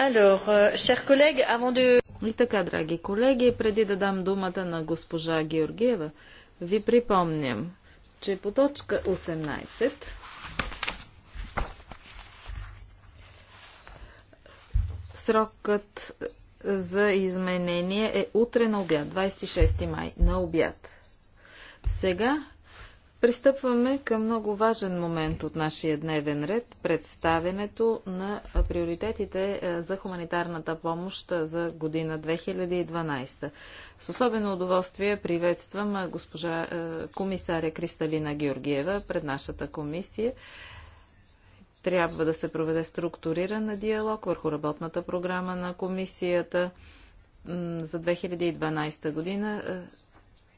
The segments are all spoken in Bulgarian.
Euh, и така, драги колеги, преди да дам думата на госпожа Георгиева, ви припомням, че по точка 18 срокът за изменение е утре на обяд, 26 май на обяд. Сега Пристъпваме към много важен момент от нашия дневен ред – представенето на приоритетите е, за хуманитарната помощ е, за година 2012. С особено удоволствие приветствам е, госпожа комисаря Кристалина Георгиева пред нашата комисия. Трябва да се проведе структуриран диалог върху работната програма на комисията за 2012 година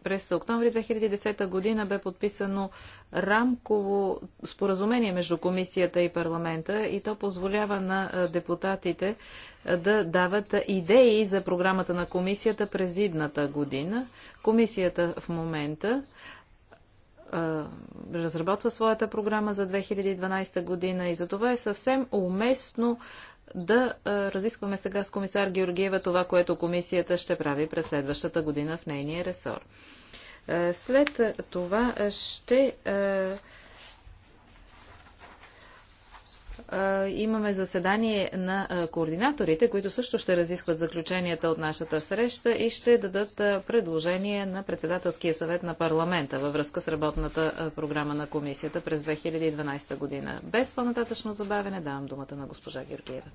през октомври 2010 година бе подписано рамково споразумение между комисията и парламента и то позволява на депутатите да дават идеи за програмата на комисията през идната година. Комисията в момента разработва своята програма за 2012 година и за това е съвсем уместно да разискваме сега с комисар Георгиева това, което комисията ще прави през следващата година в нейния ресор. След това ще имаме заседание на координаторите, които също ще разискват заключенията от нашата среща и ще дадат предложение на Председателския съвет на парламента във връзка с работната програма на комисията през 2012 година. Без по-нататъчно забавяне давам думата на госпожа Георгиева.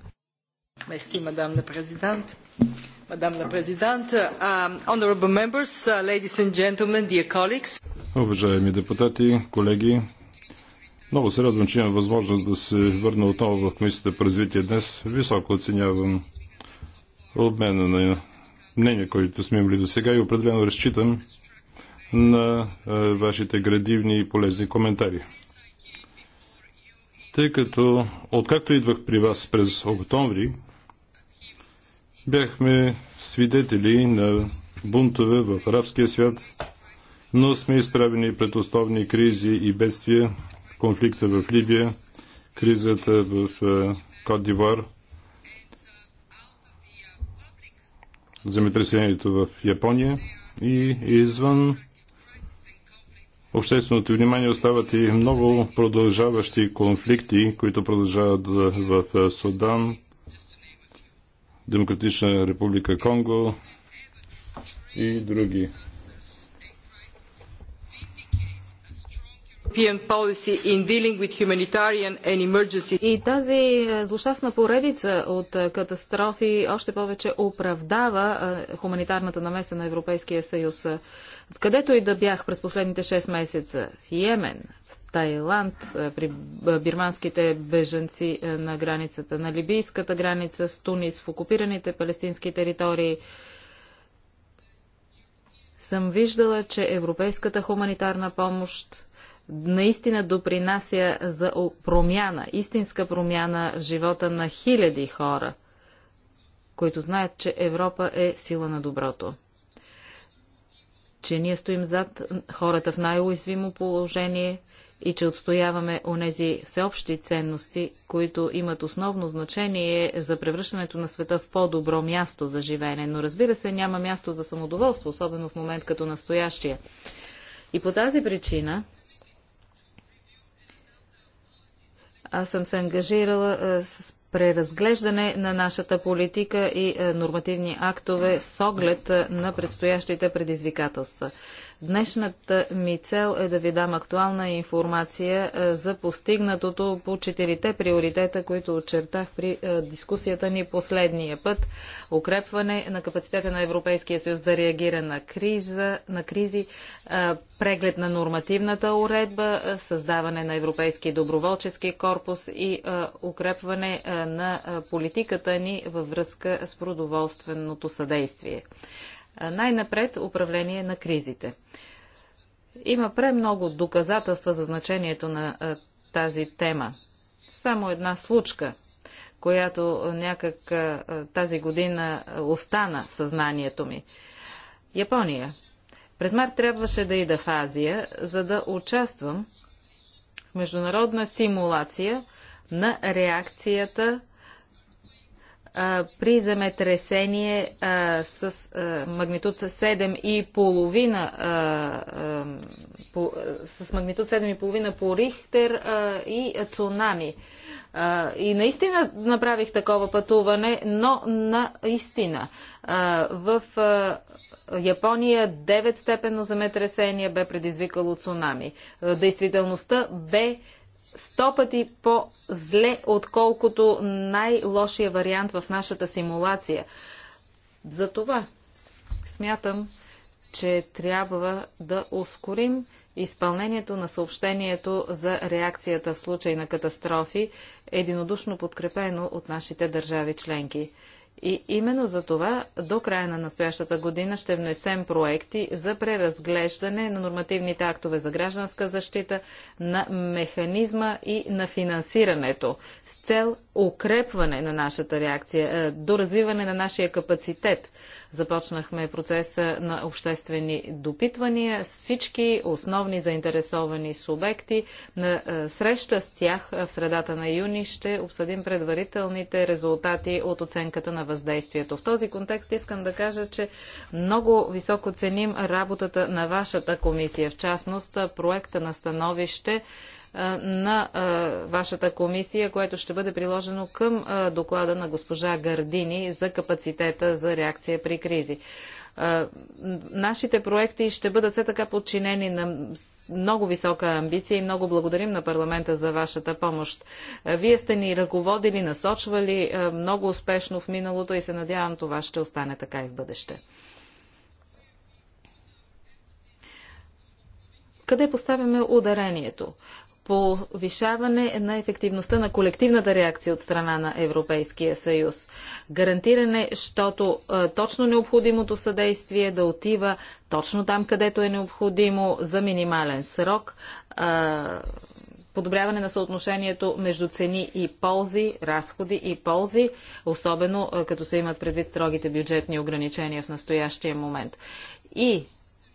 Merci, Madame la Présidente. Madame la Présidente, um, honorable members, ladies and gentlemen, dear colleagues. Уважаеми депутати, колеги, много се радвам, че имам възможност да се върна отново в Комисията по развитие днес. Високо оценявам обмена на мнения, които сме имали до сега и определено разчитам на вашите градивни и полезни коментари. Тъй като откакто идвах при вас през октомври, бяхме свидетели на бунтове в арабския свят, но сме изправени пред основни кризи и бедствия, конфликта в Либия, кризата в е, Кот земетресението в Япония и извън общественото внимание остават и много продължаващи конфликти, които продължават в е, Судан, Демократична република Конго и други. И тази е, злощастна поредица от е, катастрофи още повече оправдава е, хуманитарната намеса на Европейския съюз. Където и да бях през последните 6 месеца, в Йемен, в Тайланд, при бирманските беженци на границата, на либийската граница с Тунис, в окупираните палестински територии, съм виждала, че европейската хуманитарна помощ наистина допринася за промяна, истинска промяна в живота на хиляди хора, които знаят, че Европа е сила на доброто. Че ние стоим зад хората в най-уязвимо положение и че отстояваме онези всеобщи ценности, които имат основно значение за превръщането на света в по-добро място за живеене. Но разбира се, няма място за самодоволство, особено в момент като настоящия. И по тази причина Аз съм се ангажирала с преразглеждане на нашата политика и нормативни актове с оглед на предстоящите предизвикателства. Днешната ми цел е да ви дам актуална информация е, за постигнатото по четирите приоритета, които очертах при е, дискусията ни последния път. Укрепване на капацитета на Европейския съюз да реагира на, криза, на кризи, е, преглед на нормативната уредба, създаване на Европейски доброволчески корпус и укрепване на политиката ни във връзка с продоволственото съдействие. Най-напред управление на кризите. Има премного доказателства за значението на тази тема. Само една случка, която някак тази година остана в съзнанието ми. Япония. През март трябваше да ида в Азия, за да участвам в международна симулация на реакцията при земетресение а, с а, магнитуд 7 и половина а, по, с магнитуд 7 и половина по Рихтер и цунами. И наистина направих такова пътуване, но наистина в Япония 9 степенно земетресение бе предизвикало цунами. Действителността бе сто пъти по-зле, отколкото най-лошия вариант в нашата симулация. Затова смятам, че трябва да ускорим изпълнението на съобщението за реакцията в случай на катастрофи, единодушно подкрепено от нашите държави членки. И именно за това до края на настоящата година ще внесем проекти за преразглеждане на нормативните актове за гражданска защита, на механизма и на финансирането с цел укрепване на нашата реакция, е, до развиване на нашия капацитет – Започнахме процеса на обществени допитвания с всички основни заинтересовани субекти. На е, среща с тях е, в средата на юни ще обсъдим предварителните резултати от оценката на въздействието. В този контекст искам да кажа, че много високо ценим работата на вашата комисия, в частност е, проекта на становище на вашата комисия, което ще бъде приложено към доклада на госпожа Гардини за капацитета за реакция при кризи. Нашите проекти ще бъдат все така подчинени на много висока амбиция и много благодарим на парламента за вашата помощ. Вие сте ни ръководили, насочвали много успешно в миналото и се надявам това ще остане така и в бъдеще. Къде поставяме ударението? повишаване на ефективността на колективната реакция от страна на Европейския съюз. Гарантиране, защото е, точно необходимото съдействие да отива точно там, където е необходимо за минимален срок. Е, подобряване на съотношението между цени и ползи, разходи и ползи, особено е, като се имат предвид строгите бюджетни ограничения в настоящия момент. И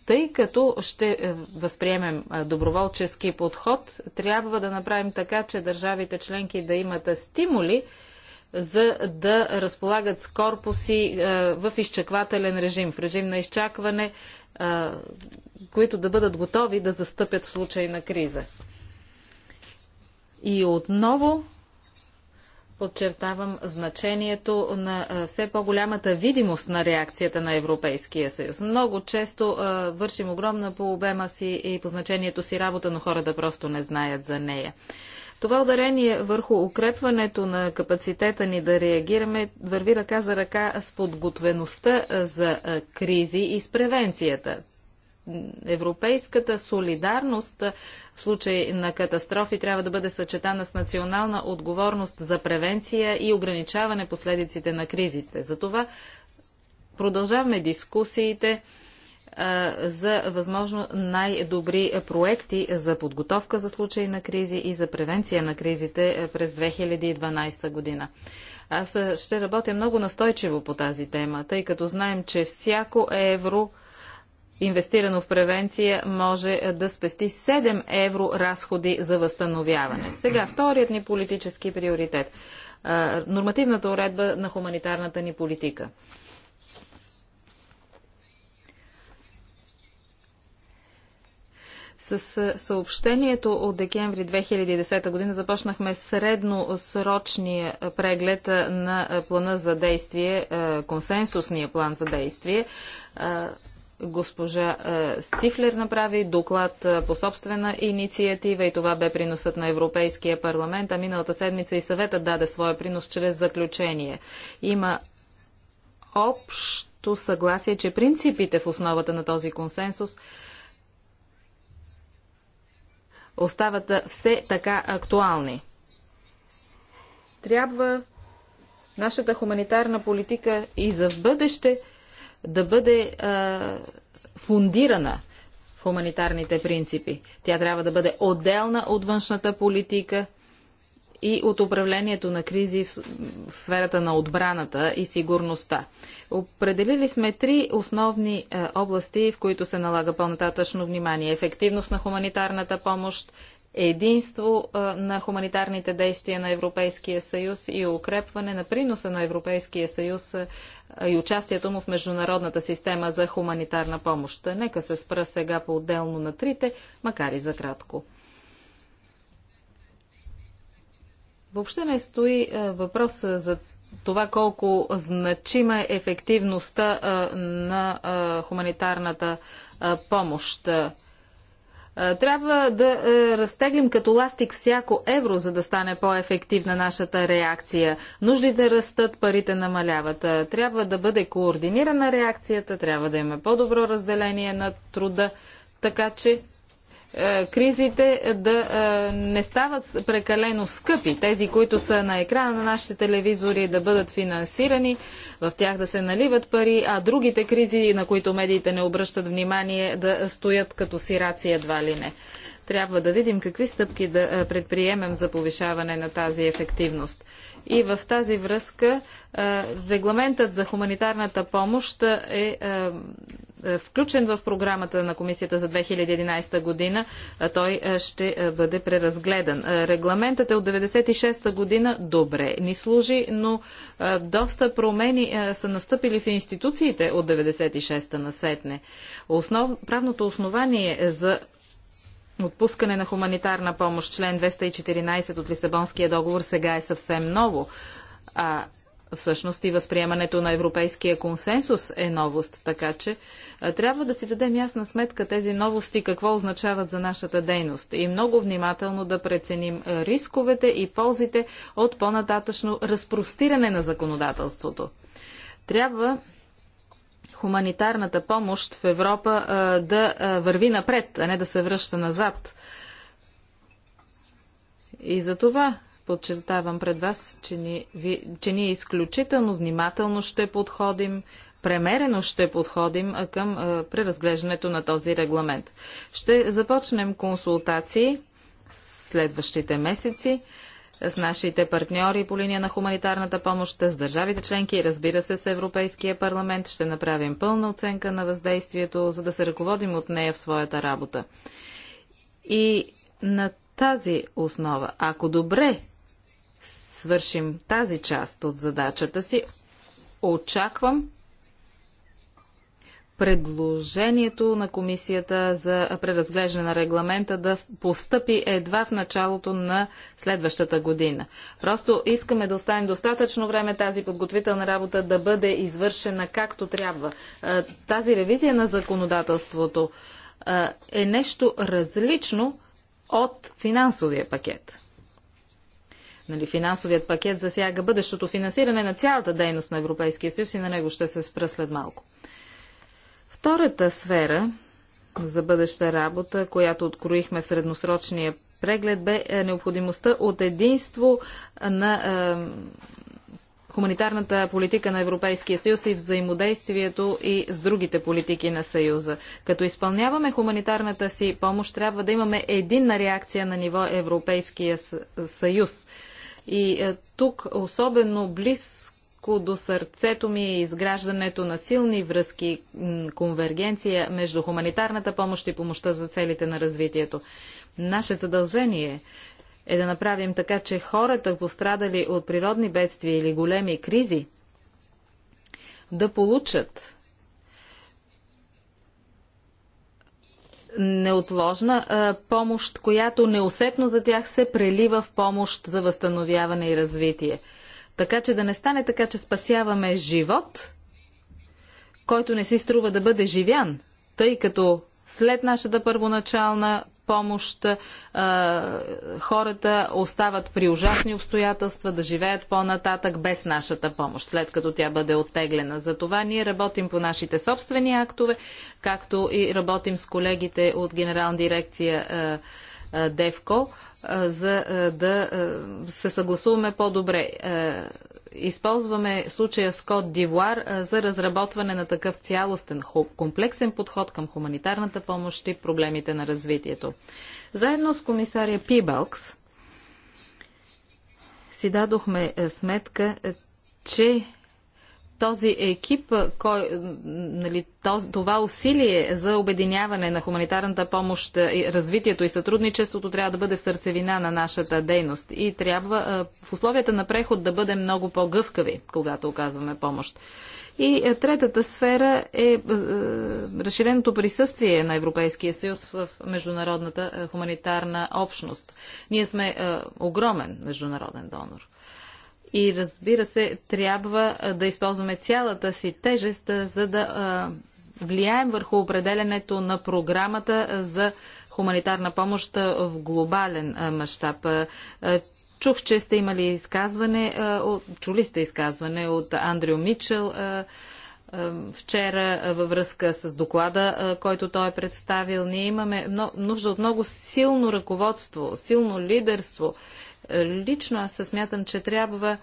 тъй като ще е, възприемем е, доброволчески подход, трябва да направим така, че държавите членки да имат стимули, за да разполагат с корпуси е, в изчаквателен режим, в режим на изчакване, които да бъдат готови да застъпят в случай на криза. И отново подчертавам значението на все по-голямата видимост на реакцията на Европейския съюз. Много често а, вършим огромна по обема си и по значението си работа, но хората просто не знаят за нея. Това ударение върху укрепването на капацитета ни да реагираме върви ръка за ръка с подготвеността за кризи и с превенцията. Европейската солидарност в случай на катастрофи трябва да бъде съчетана с национална отговорност за превенция и ограничаване последиците на кризите. Затова продължаваме дискусиите за възможно най-добри проекти за подготовка за случаи на кризи и за превенция на кризите през 2012 година. Аз ще работя много настойчиво по тази тема, тъй като знаем, че всяко евро – инвестирано в превенция, може е, да спести 7 евро разходи за възстановяване. Сега, вторият ни политически приоритет. Нормативната уредба на хуманитарната ни политика. С съобщението от декември 2010 година започнахме средносрочния преглед на плана за действие, консенсусния план за действие. Госпожа е, Стифлер направи доклад е, по собствена инициатива и това бе приносът на Европейския парламент, а миналата седмица и съвета даде своя принос чрез заключение. Има общо съгласие, че принципите в основата на този консенсус остават е, все така актуални. Трябва нашата хуманитарна политика и за в бъдеще – да бъде а, фундирана в хуманитарните принципи. Тя трябва да бъде отделна от външната политика и от управлението на кризи в сферата на отбраната и сигурността. Определили сме три основни области, в които се налага по-нататъчно внимание. Ефективност на хуманитарната помощ, единство на хуманитарните действия на Европейския съюз и укрепване на приноса на Европейския съюз и участието му в международната система за хуманитарна помощ. Нека се спра сега по-отделно на трите, макар и за кратко. Въобще не стои въпрос за това колко значима е ефективността на хуманитарната помощ. Е, трябва да е, разтеглим като ластик всяко евро, за да стане по-ефективна нашата реакция. Нуждите растат, парите намаляват. Е, трябва да бъде координирана реакцията, трябва да има по-добро разделение на труда, така че е, кризите да е, не стават прекалено скъпи. Тези, които са на екрана на нашите телевизори, да бъдат финансирани, в тях да се наливат пари, а другите кризи, на които медиите не обръщат внимание, да стоят като сираци едва ли не. Трябва да видим какви стъпки да е, предприемем за повишаване на тази ефективност. И в тази връзка регламентът за хуманитарната помощ е е, включен в програмата на комисията за 2011 година, той е, ще е, бъде преразгледан. Регламентът е от 1996 та година, добре ни служи, но доста промени са настъпили в институциите от 96-та насетне. Основ... Правното основание за отпускане на хуманитарна помощ, член 214 от Лисабонския договор, сега е съвсем ново. А Всъщност и възприемането на европейския консенсус е новост, така че трябва да си дадем ясна сметка тези новости какво означават за нашата дейност и много внимателно да преценим рисковете и ползите от по-нататъчно разпростиране на законодателството. Трябва хуманитарната помощ в Европа да върви напред, а не да се връща назад. И за това Подчертавам пред вас, че, ни, ви, че ние изключително внимателно ще подходим, премерено ще подходим към а, преразглеждането на този регламент. Ще започнем консултации следващите месеци с нашите партньори по линия на хуманитарната помощ, с държавите членки и разбира се с Европейския парламент. Ще направим пълна оценка на въздействието, за да се ръководим от нея в своята работа. И на тази основа, ако добре свършим тази част от задачата си, очаквам предложението на комисията за преразглеждане на регламента да постъпи едва в началото на следващата година. Просто искаме да оставим достатъчно време тази подготвителна работа да бъде извършена както трябва. Тази ревизия на законодателството е нещо различно от финансовия пакет. Нали, финансовият пакет засяга бъдещото финансиране на цялата дейност на Европейския съюз и на него ще се спра след малко. Втората сфера за бъдеща работа, която откроихме в средносрочния преглед, бе е, необходимостта от единство на е, хуманитарната политика на Европейския съюз и взаимодействието и с другите политики на Съюза. Като изпълняваме хуманитарната си помощ, трябва да имаме единна реакция на ниво Европейския съюз. И е, тук особено близко до сърцето ми е изграждането на силни връзки, конвергенция между хуманитарната помощ и помощта за целите на развитието. Наше задължение е да направим така, че хората, пострадали от природни бедствия или големи кризи, да получат неотложна а, помощ, която неусетно за тях се прелива в помощ за възстановяване и развитие. Така че да не стане така, че спасяваме живот, който не си струва да бъде живян, тъй като след нашата първоначална помощ. Хората остават при ужасни обстоятелства да живеят по-нататък без нашата помощ, след като тя бъде оттеглена. Затова ние работим по нашите собствени актове, както и работим с колегите от Генерална дирекция ДЕВКО, за да се съгласуваме по-добре използваме случая с Кот Дивуар за разработване на такъв цялостен, комплексен подход към хуманитарната помощ и проблемите на развитието. Заедно с комисаря Пибалкс си дадохме е, сметка, е, че този екип, кой, нали, това усилие за обединяване на хуманитарната помощ, развитието и сътрудничеството трябва да бъде в сърцевина на нашата дейност и трябва в условията на преход да бъдем много по-гъвкави, когато оказваме помощ. И третата сфера е разширеното присъствие на Европейския съюз в международната хуманитарна общност. Ние сме огромен международен донор. И разбира се, трябва да използваме цялата си тежест, за да влияем върху определенето на програмата за хуманитарна помощ в глобален мащаб. Чух, че сте имали изказване, чули сте изказване от Андрю Мичел вчера във връзка с доклада, който той е представил. Ние имаме нужда от много силно ръководство, силно лидерство Лично аз се смятам, че трябва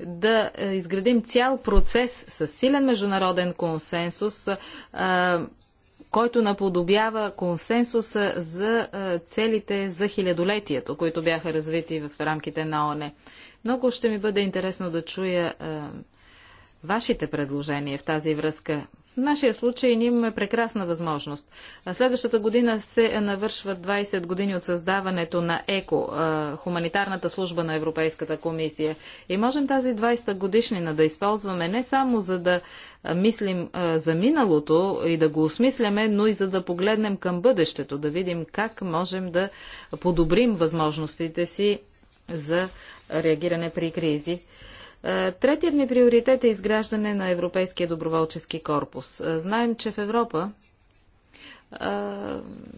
да изградим цял процес с силен международен консенсус, който наподобява консенсуса за целите за хилядолетието, които бяха развити в рамките на ОНЕ. Много ще ми бъде интересно да чуя вашите предложения в тази връзка. В нашия случай ни имаме прекрасна възможност. Следващата година се навършват 20 години от създаването на ЕКО, хуманитарната служба на Европейската комисия. И можем тази 20 годишнина да използваме не само за да мислим за миналото и да го осмисляме, но и за да погледнем към бъдещето, да видим как можем да подобрим възможностите си за реагиране при кризи. Е, третият ми приоритет е изграждане на Европейския доброволчески корпус. Е, знаем, че в Европа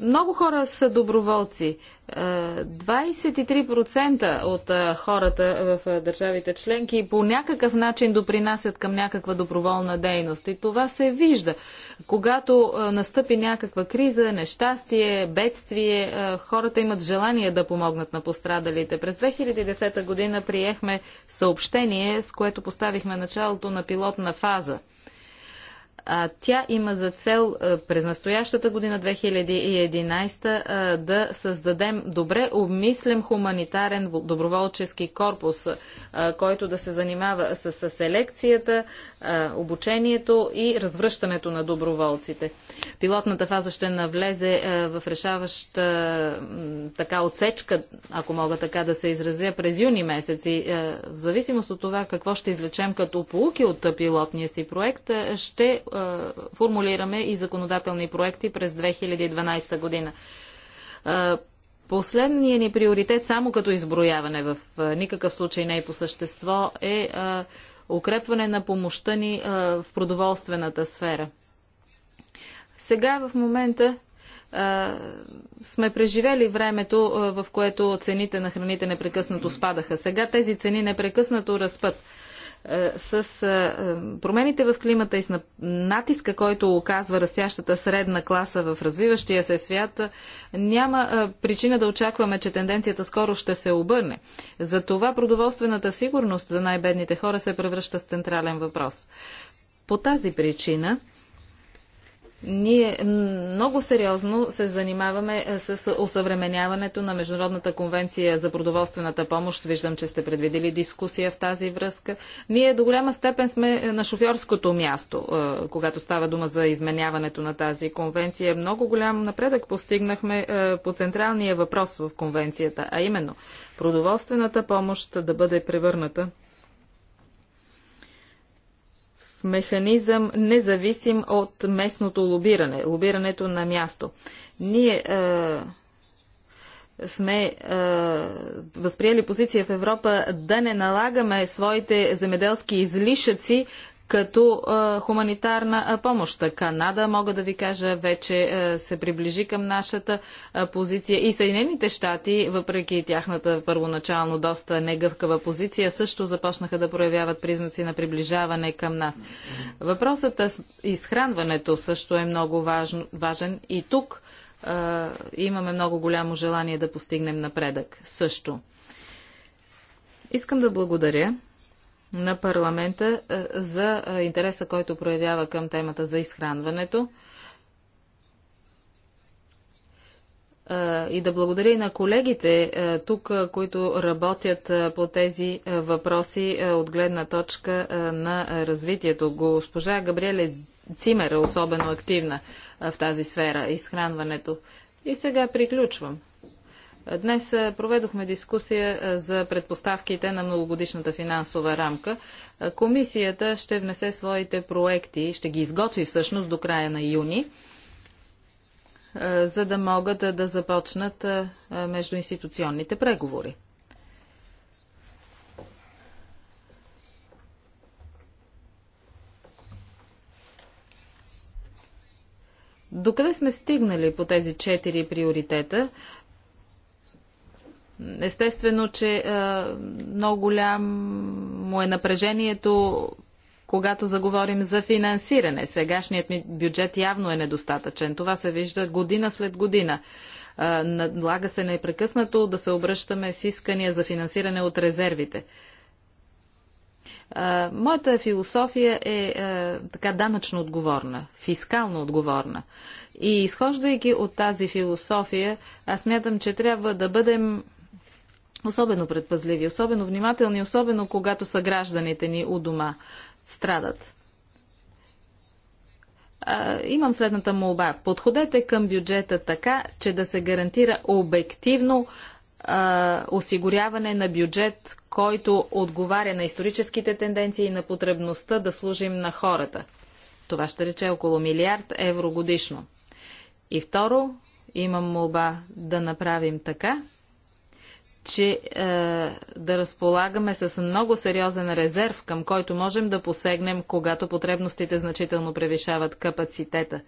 много хора са доброволци. 23% от хората в държавите членки по някакъв начин допринасят към някаква доброволна дейност. И това се вижда. Когато настъпи някаква криза, нещастие, бедствие, хората имат желание да помогнат на пострадалите. През 2010 година приехме съобщение, с което поставихме началото на пилотна фаза – а тя има за цел през настоящата година 2011 да създадем добре обмислен хуманитарен доброволчески корпус, който да се занимава с селекцията, обучението и развръщането на доброволците. Пилотната фаза ще навлезе в решаваща така отсечка, ако мога така да се изразя, през юни месец и в зависимост от това какво ще излечем като полуки от пилотния си проект, ще е, формулираме и законодателни проекти през 2012 година. Е, последният ни приоритет, само като изброяване в е, никакъв случай не е по същество, е укрепване на помощта ни в продоволствената сфера. Сега в момента сме преживели времето, в което цените на храните непрекъснато спадаха. Сега тези цени непрекъснато разпът. Е, с е, промените в климата и с натиска, който оказва растящата средна класа в развиващия се свят, е, няма причина да очакваме, че тенденцията скоро ще се обърне. Затова продоволствената сигурност за най-бедните хора се превръща с централен въпрос. По тази причина ние много сериозно се занимаваме е, с осъвременяването на Международната конвенция за продоволствената помощ. Виждам, че сте предвидели дискусия в тази връзка. Ние до голяма степен сме е, на шофьорското място, е, когато става дума за изменяването на тази конвенция. Много голям напредък постигнахме по централния въпрос в конвенцията, а именно продоволствената помощ да бъде превърната механизъм, независим от местното лобиране, лобирането на място. Ние е, сме е, възприели позиция в Европа да не налагаме своите земеделски излишъци като а, хуманитарна помощ. Канада, мога да ви кажа, вече а, се приближи към нашата а, позиция. И Съединените щати, въпреки тяхната първоначално доста негъвкава позиция, също започнаха да проявяват признаци на приближаване към нас. Въпросът е с изхранването също е много важно, важен и тук имаме много голямо желание да постигнем напредък също. Искам да благодаря на парламента е, за е, интереса, който проявява към темата за изхранването. Е, и да благодаря и на колегите тук, които работят по тези въпроси от гледна точка на развитието. Госпожа Габриеле Цимер е особено активна в тази сфера, изхранването. И сега приключвам. Днес е, проведохме дискусия е, за предпоставките на многогодишната финансова рамка. Е, комисията ще внесе своите проекти, ще ги изготви всъщност до края на юни, за да могат да започнат междуинституционните преговори. Докъде сме стигнали по тези четири приоритета? Естествено, че е, много голямо е напрежението, когато заговорим за финансиране. Сегашният ми бюджет явно е недостатъчен. Това се вижда година след година. Е, налага се непрекъснато да се обръщаме с искания за финансиране от резервите. Е, моята философия е, е така данъчно отговорна, фискално отговорна. И изхождайки от тази философия, аз мятам, че трябва да бъдем особено предпазливи, особено внимателни, особено когато са гражданите ни у дома страдат. А, имам следната молба. Подходете към бюджета така, че да се гарантира обективно а, осигуряване на бюджет, който отговаря на историческите тенденции и на потребността да служим на хората. Това ще рече около милиард евро годишно. И второ, имам молба да направим така, че е, да разполагаме с много сериозен резерв, към който можем да посегнем, когато потребностите значително превишават капацитета.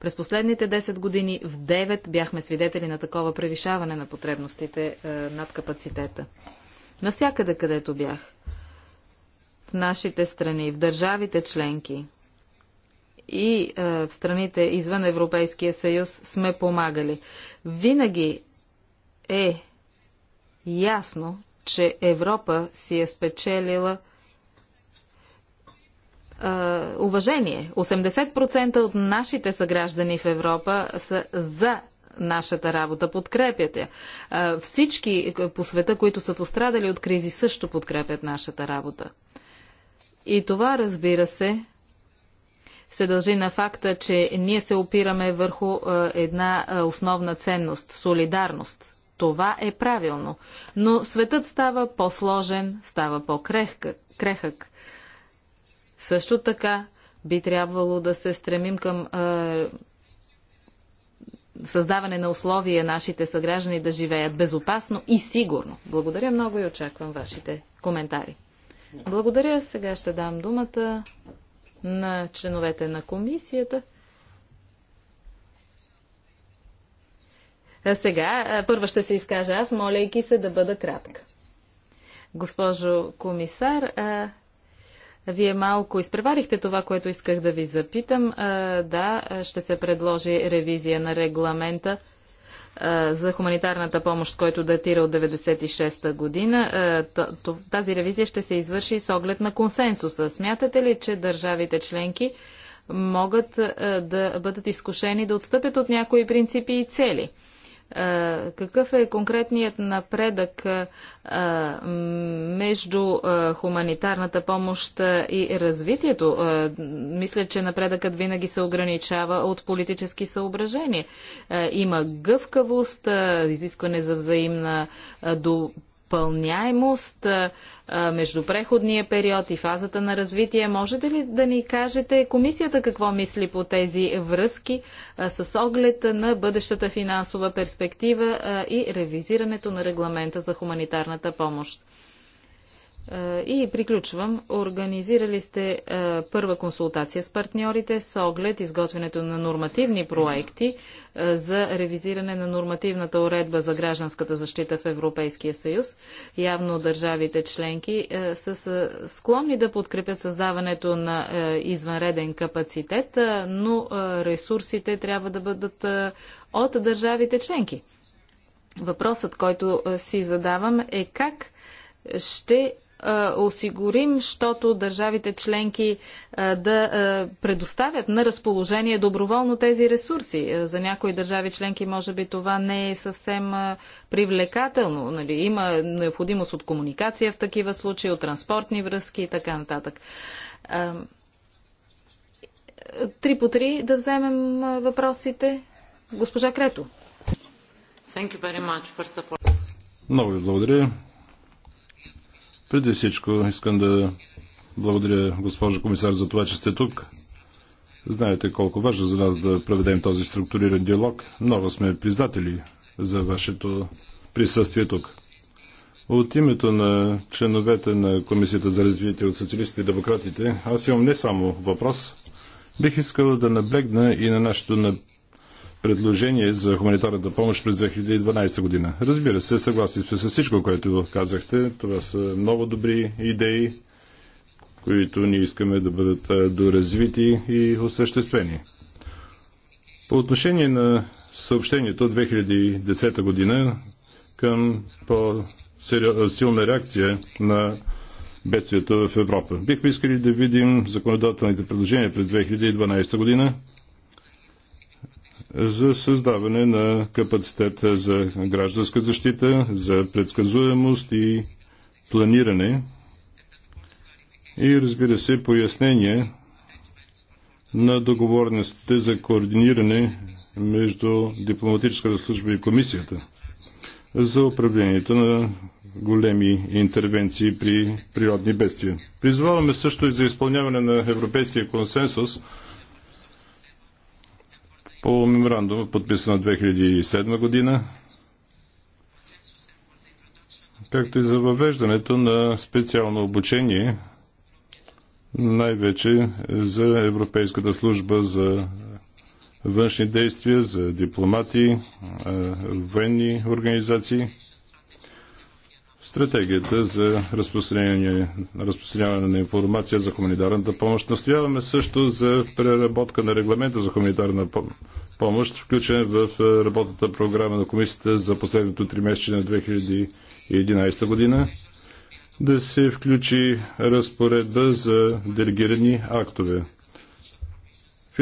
През последните 10 години в 9 бяхме свидетели на такова превишаване на потребностите е, над капацитета. Насякъде, където бях. В нашите страни, в държавите членки и е, в страните извън Европейския съюз сме помагали. Винаги е ясно, че Европа си е спечелила уважение. 80% от нашите съграждани в Европа са за нашата работа, подкрепят я. Всички по света, които са пострадали от кризи, също подкрепят нашата работа. И това, разбира се, се дължи на факта, че ние се опираме върху една основна ценност солидарност. Това е правилно. Но светът става по-сложен, става по-крехък. Също така би трябвало да се стремим към е, създаване на условия нашите съграждани да живеят безопасно и сигурно. Благодаря много и очаквам вашите коментари. Благодаря. Сега ще дам думата на членовете на комисията. Сега първа ще се изкажа аз, молейки се да бъда кратка. Госпожо комисар, вие малко изпреварихте това, което исках да ви запитам. Да, ще се предложи ревизия на регламента за хуманитарната помощ, който датира от 1996 година. Тази ревизия ще се извърши с оглед на консенсуса. Смятате ли, че държавите членки могат да бъдат изкушени да отстъпят от някои принципи и цели? какъв е конкретният напредък между хуманитарната помощ и развитието? Мисля, че напредъкът винаги се ограничава от политически съображения. Има гъвкавост, изискване за взаимна допълнителност изпълняемост между преходния период и фазата на развитие. Можете ли да ни кажете комисията какво мисли по тези връзки с оглед на бъдещата финансова перспектива и ревизирането на регламента за хуманитарната помощ? Е, и приключвам. Организирали сте е, първа консултация с партньорите с оглед изготвянето на нормативни проекти е, за ревизиране на нормативната уредба за гражданската защита в Европейския съюз. Явно държавите членки са склонни да подкрепят създаването на извънреден капацитет, но ресурсите трябва да бъдат от държавите членки. Въпросът, който си задавам е как ще е, осигурим, защото държавите членки е, да е, предоставят на разположение доброволно тези ресурси. За някои държави членки може би това не е съвсем привлекателно. Нали? Има необходимост от комуникация в такива случаи, от транспортни връзки и така нататък. Три по три да вземем въпросите. Госпожа Крето. Много ви благодаря. Преди всичко искам да благодаря госпожа комисар за това, че сте тук. Знаете колко важно за нас да проведем този структуриран диалог. Много сме признатели за вашето присъствие тук. От името на членовете на Комисията за развитие от социалистите и демократите, аз имам не само въпрос, бих искал да наблегна и на нашето предложение за хуманитарната помощ през 2012 година. Разбира се, съгласен сме с всичко, което казахте. Това са много добри идеи, които ние искаме да бъдат доразвити и осъществени. По отношение на съобщението от 2010 година към по-силна реакция на бедствията в Европа. Бихме искали да видим законодателните предложения през 2012 година, за създаване на капацитет за гражданска защита, за предсказуемост и планиране и разбира се пояснение на договорностите за координиране между дипломатическата служба и комисията за управлението на големи интервенции при природни бедствия. Призваваме също и за изпълняване на Европейския консенсус по меморандума, подписана 2007 година, както и за въвеждането на специално обучение, най-вече за Европейската служба за външни действия, за дипломати, военни организации – стратегията за разпространение, разпространяване на информация за хуманитарната помощ. Настояваме също за преработка на регламента за хуманитарна помощ, включен в е, работната програма на комисията за последното три месече на 2011 година, да се включи разпоредба за делегирани актове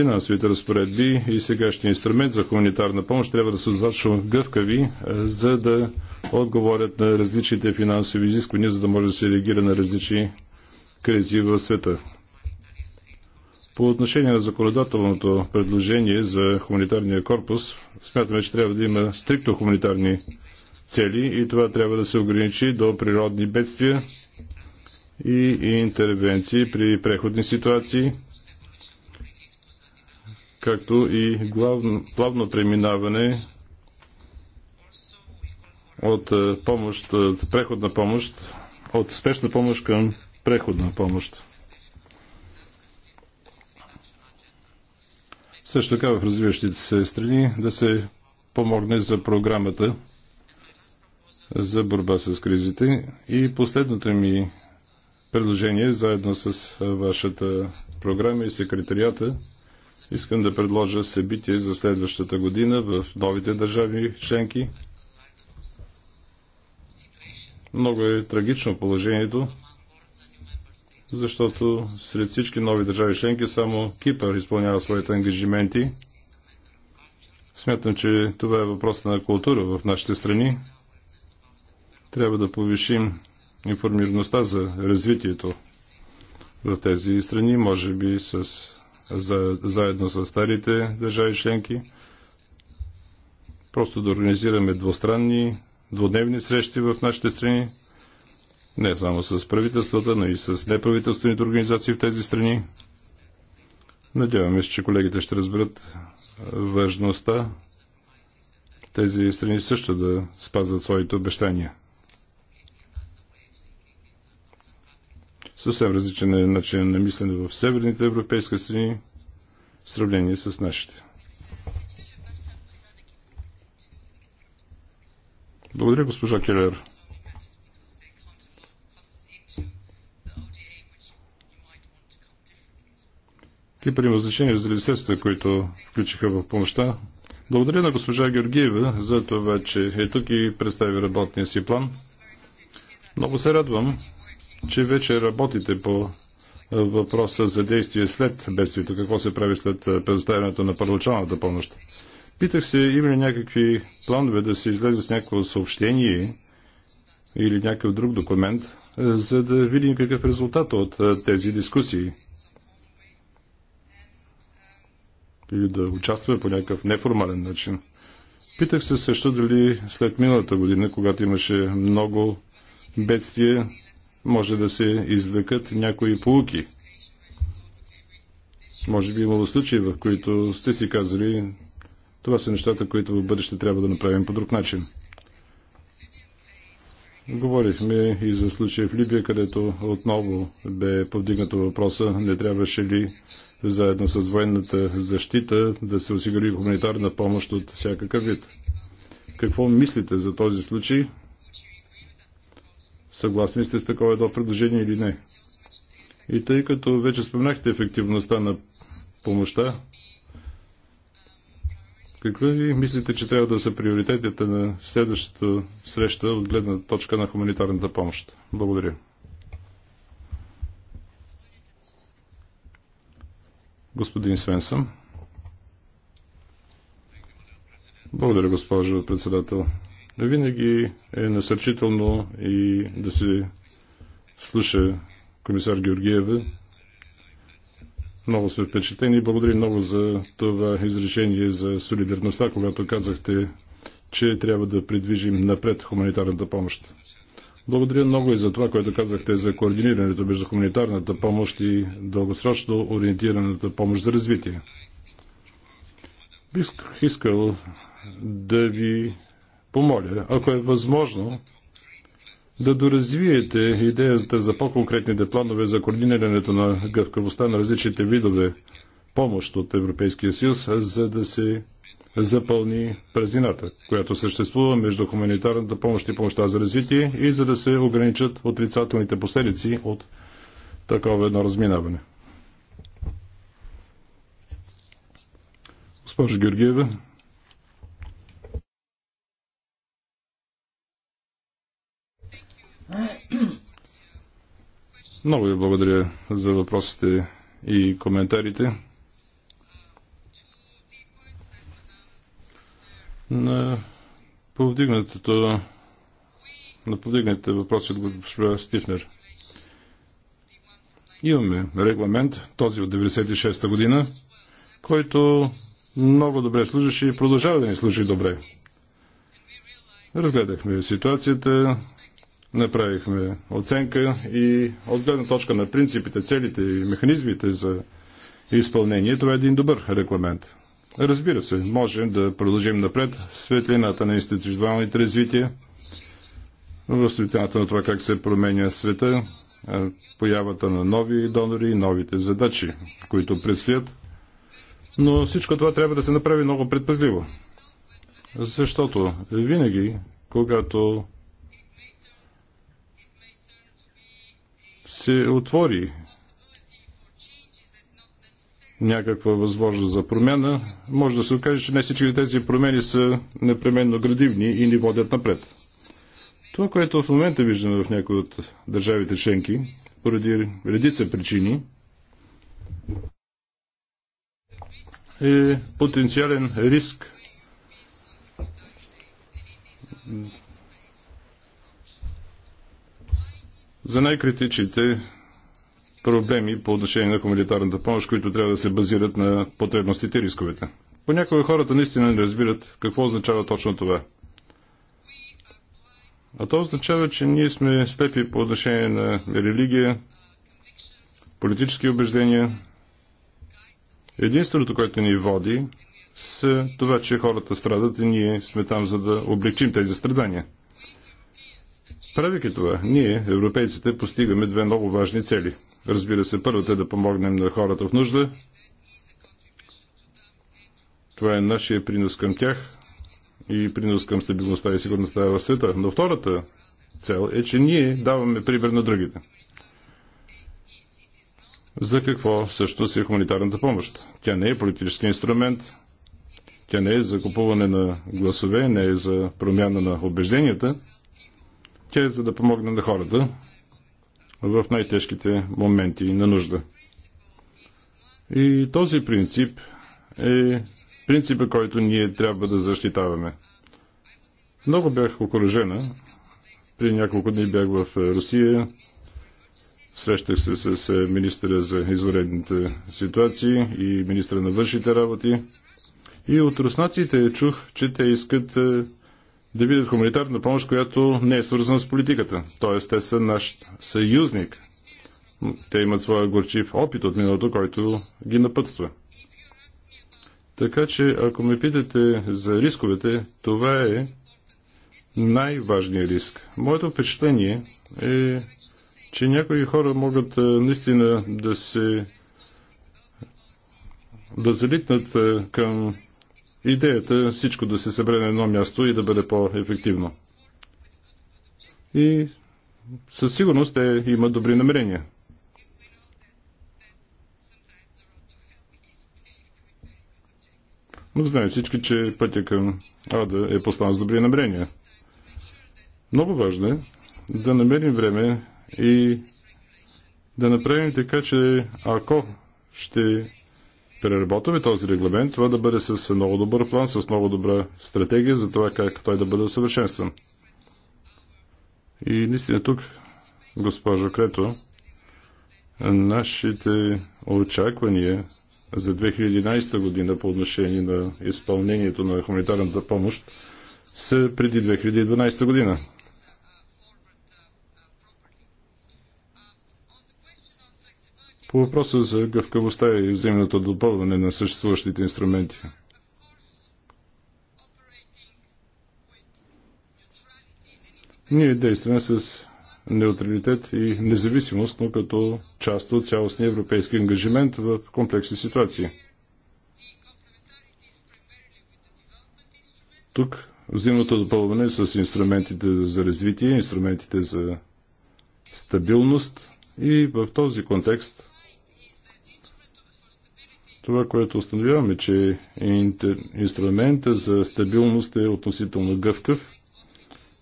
финансовите разпоредби и сегашния инструмент за хуманитарна помощ трябва да са достатъчно гъвкави, е, за да отговорят на различните финансови изисквания, за да може да се реагира на различни кризи в света. По отношение на законодателното предложение за хуманитарния корпус, смятаме, че трябва да има стрикто хуманитарни цели и това трябва да се ограничи до природни бедствия и интервенции при преходни ситуации – както и главно, плавно преминаване от е, помощ, от е, преходна помощ, от спешна помощ към преходна помощ. Също така в развиващите се страни да се помогне за програмата за борба с кризите. И последното ми предложение, заедно с е, вашата програма и секретарията, Искам да предложа събитие за следващата година в новите държави членки. Много е трагично положението, защото сред всички нови държави членки само Кипър изпълнява своите ангажименти. Смятам, че това е въпрос на култура в нашите страни. Трябва да повишим информираността за развитието в тези страни, може би с за, заедно с старите държави членки. Просто да организираме двустранни, двудневни срещи в нашите страни, не само с правителствата, но и с неправителствените организации в тези страни. Надяваме се, че колегите ще разберат важността тези страни също да спазват своите обещания. Съвсем различен е начин на мислене в северните европейски страни в сравнение с нашите. Благодаря, госпожа Келер. Кипър има значение за лицетства, които включиха в помощта. Благодаря на госпожа Георгиева за това, че е тук и представи работния си план. Много се радвам че вече работите по въпроса за действие след бедствието, какво се прави след предоставянето на първоначалната помощ. Питах се, има ли някакви планове да се излезе с някакво съобщение или някакъв друг документ, за да видим какъв резултат от тези дискусии. Или да участваме по някакъв неформален начин. Питах се също дали след миналата година, когато имаше много бедствия може да се извлекат някои полуки. Може би имало случаи, в които сте си казали, това са нещата, които в бъдеще трябва да направим по друг начин. Говорихме и за случая в Либия, където отново бе повдигнато въпроса, не трябваше ли заедно с военната защита да се осигури хуманитарна помощ от всякакъв вид. Какво мислите за този случай? Съгласни сте с такова едно предложение или не? И тъй като вече спомнахте ефективността на помощта, какви мислите, че трябва да са приоритетите на следващата среща от гледна точка на хуманитарната помощ? Благодаря. Господин Свенсън. Благодаря, госпожо председател но винаги е насърчително и да се слуша комисар Георгиева. Много сме впечатлени и благодаря много за това изречение за солидарността, когато казахте, че трябва да придвижим напред хуманитарната помощ. Благодаря много и за това, което казахте за координирането между хуманитарната помощ и дългосрочно ориентираната помощ за развитие. Бих искал да ви помоля, ако е възможно, да доразвиете идеята за по-конкретните планове за координирането на гъвкавостта на различните видове помощ от Европейския съюз, за да се запълни празнината, която съществува между хуманитарната помощ и помощта за развитие и за да се ограничат отрицателните последици от такова едно разминаване. Госпожо Георгиева, Много ви благодаря за въпросите и коментарите. На повдигнатото на повдигнатите въпроси от госпожа Стифнер. Имаме регламент, този от 96-та година, който много добре служеше и продължава да ни служи добре. Разгледахме ситуацията, Направихме оценка и от гледна точка на принципите, целите и механизмите за изпълнение, това е един добър регламент. Разбира се, можем да продължим напред светлината на институционалните развития, в светлината на това как се променя света, появата на нови донори и новите задачи, които предстоят. Но всичко това трябва да се направи много предпазливо. Защото винаги, когато се отвори някаква възможност за промяна, може да се окаже, че не всички тези промени са непременно градивни и ни водят напред. Това, което в момента виждаме в някои от държавите членки, поради редица причини, е потенциален риск за най-критичните проблеми по отношение на хуманитарната помощ, които трябва да се базират на потребностите и рисковете. Понякога хората наистина не разбират какво означава точно това. А то означава, че ние сме слепи по отношение на религия, политически убеждения. Единственото, което ни води, с това, че хората страдат и ние сме там, за да облегчим тези страдания. Правяки това, ние, европейците, постигаме две много важни цели. Разбира се, първата е да помогнем на хората в нужда. Това е нашия принос към тях и принос към стабилността и сигурността в света. Но втората цел е, че ние даваме пример на другите. За какво също си е хуманитарната помощ? Тя не е политически инструмент, тя не е за купуване на гласове, не е за промяна на убежденията – тя е за да помогне на хората в най-тежките моменти на нужда. И този принцип е принципа, който ние трябва да защитаваме. Много бях окоръжена. При няколко дни бях в Русия. Срещах се с е, министра за изваредните ситуации и министра на външните работи. И от руснаците чух, че те искат е, да видят хуманитарна помощ, която не е свързана с политиката. Тоест, те са наш съюзник. Те имат своя горчив опит от миналото, който ги напътства. Така че, ако ме питате за рисковете, това е най-важният риск. Моето впечатление е, че някои хора могат наистина да се да залитнат към Идеята е всичко да се събере на едно място и да бъде по-ефективно. И със сигурност те имат добри намерения. Но знаем всички, че пътя към Ада е послан с добри намерения. Много важно е да намерим време и да направим така, че ако ще преработваме този регламент, това да бъде с много добър план, с много добра стратегия за това как той да бъде усъвършенстван. И наистина тук, госпожо Крето, нашите очаквания за 2011 година по отношение на изпълнението на хуманитарната помощ са преди 2012 година. По въпроса за гъвкавостта и взаимното допълване на съществуващите инструменти. Ние действаме с неутралитет и независимост, но като част от цялостния европейски ангажимент в комплексни ситуации. Тук взаимното допълване с инструментите за развитие, инструментите за стабилност и в този контекст това, което установяваме, че инструмента за стабилност е относително гъвкав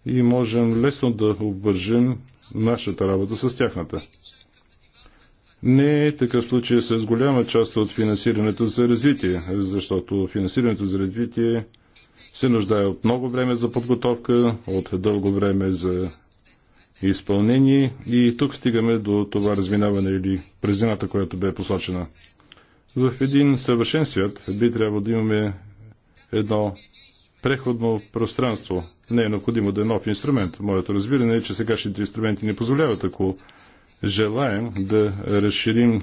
и можем лесно да обвържем нашата работа с тяхната. Не е такъв случай с голяма част от финансирането за развитие, защото финансирането за развитие се нуждае от много време за подготовка, от дълго време за изпълнение и тук стигаме до това разминаване или презината, която бе посочена. В един съвършен свят би трябвало да имаме едно преходно пространство. Не е необходимо да е нов инструмент. Моето разбиране е, че сегашните инструменти не позволяват, ако желаем да разширим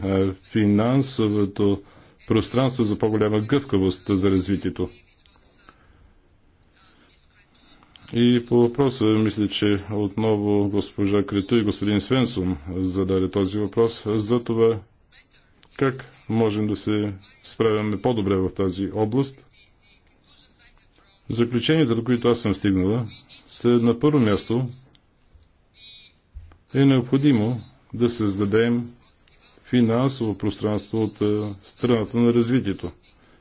финансовото пространство за по-голяма гъвкавост за развитието. И по въпроса, мисля, че отново госпожа Крето и господин Свенсон зададе този въпрос за това как можем да се справяме по-добре в тази област. Заключенията, до които аз съм стигнала, са на първо място е необходимо да създадем финансово пространство от е, страната на развитието.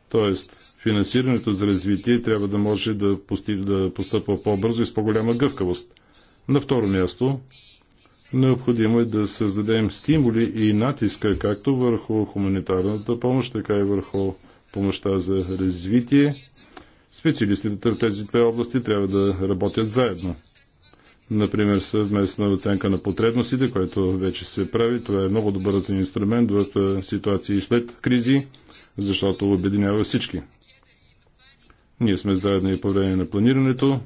Тоест, финансирането за развитие трябва да може да, пости, да постъпва по-бързо и с по-голяма гъвкавост. На второ място, Необходимо е да създадем стимули и натиска както върху хуманитарната помощ, така и върху помощта за развитие. Специалистите в тези две области трябва да работят заедно. Например, съвместна оценка на потребностите, което вече се прави. Това е много добър инструмент в ситуации след кризи, защото обединява всички. Ние сме заедно и по време на планирането,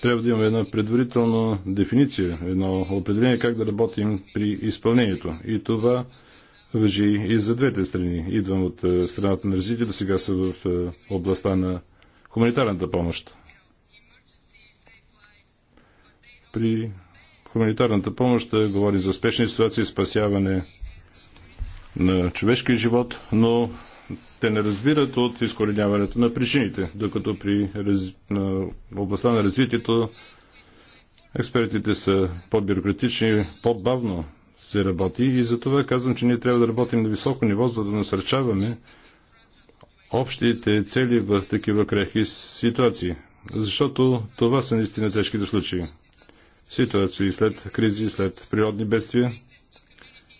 трябва да имаме една предварителна дефиниция, едно определение как да работим при изпълнението. И това въжи и за двете страни. Идвам от е, страната на да сега са в е, областта на хуманитарната помощ. При хуманитарната помощ е, говорим говори за спешни ситуации, спасяване на човешкия живот, но те не разбират от изкореняването на причините, докато при раз... на областта на развитието експертите са по-бюрократични, по-бавно се работи и затова казвам, че ние трябва да работим на високо ниво, за да насърчаваме общите цели в такива крехки ситуации. Защото това са наистина тежките случаи. Ситуации след кризи, след природни бедствия.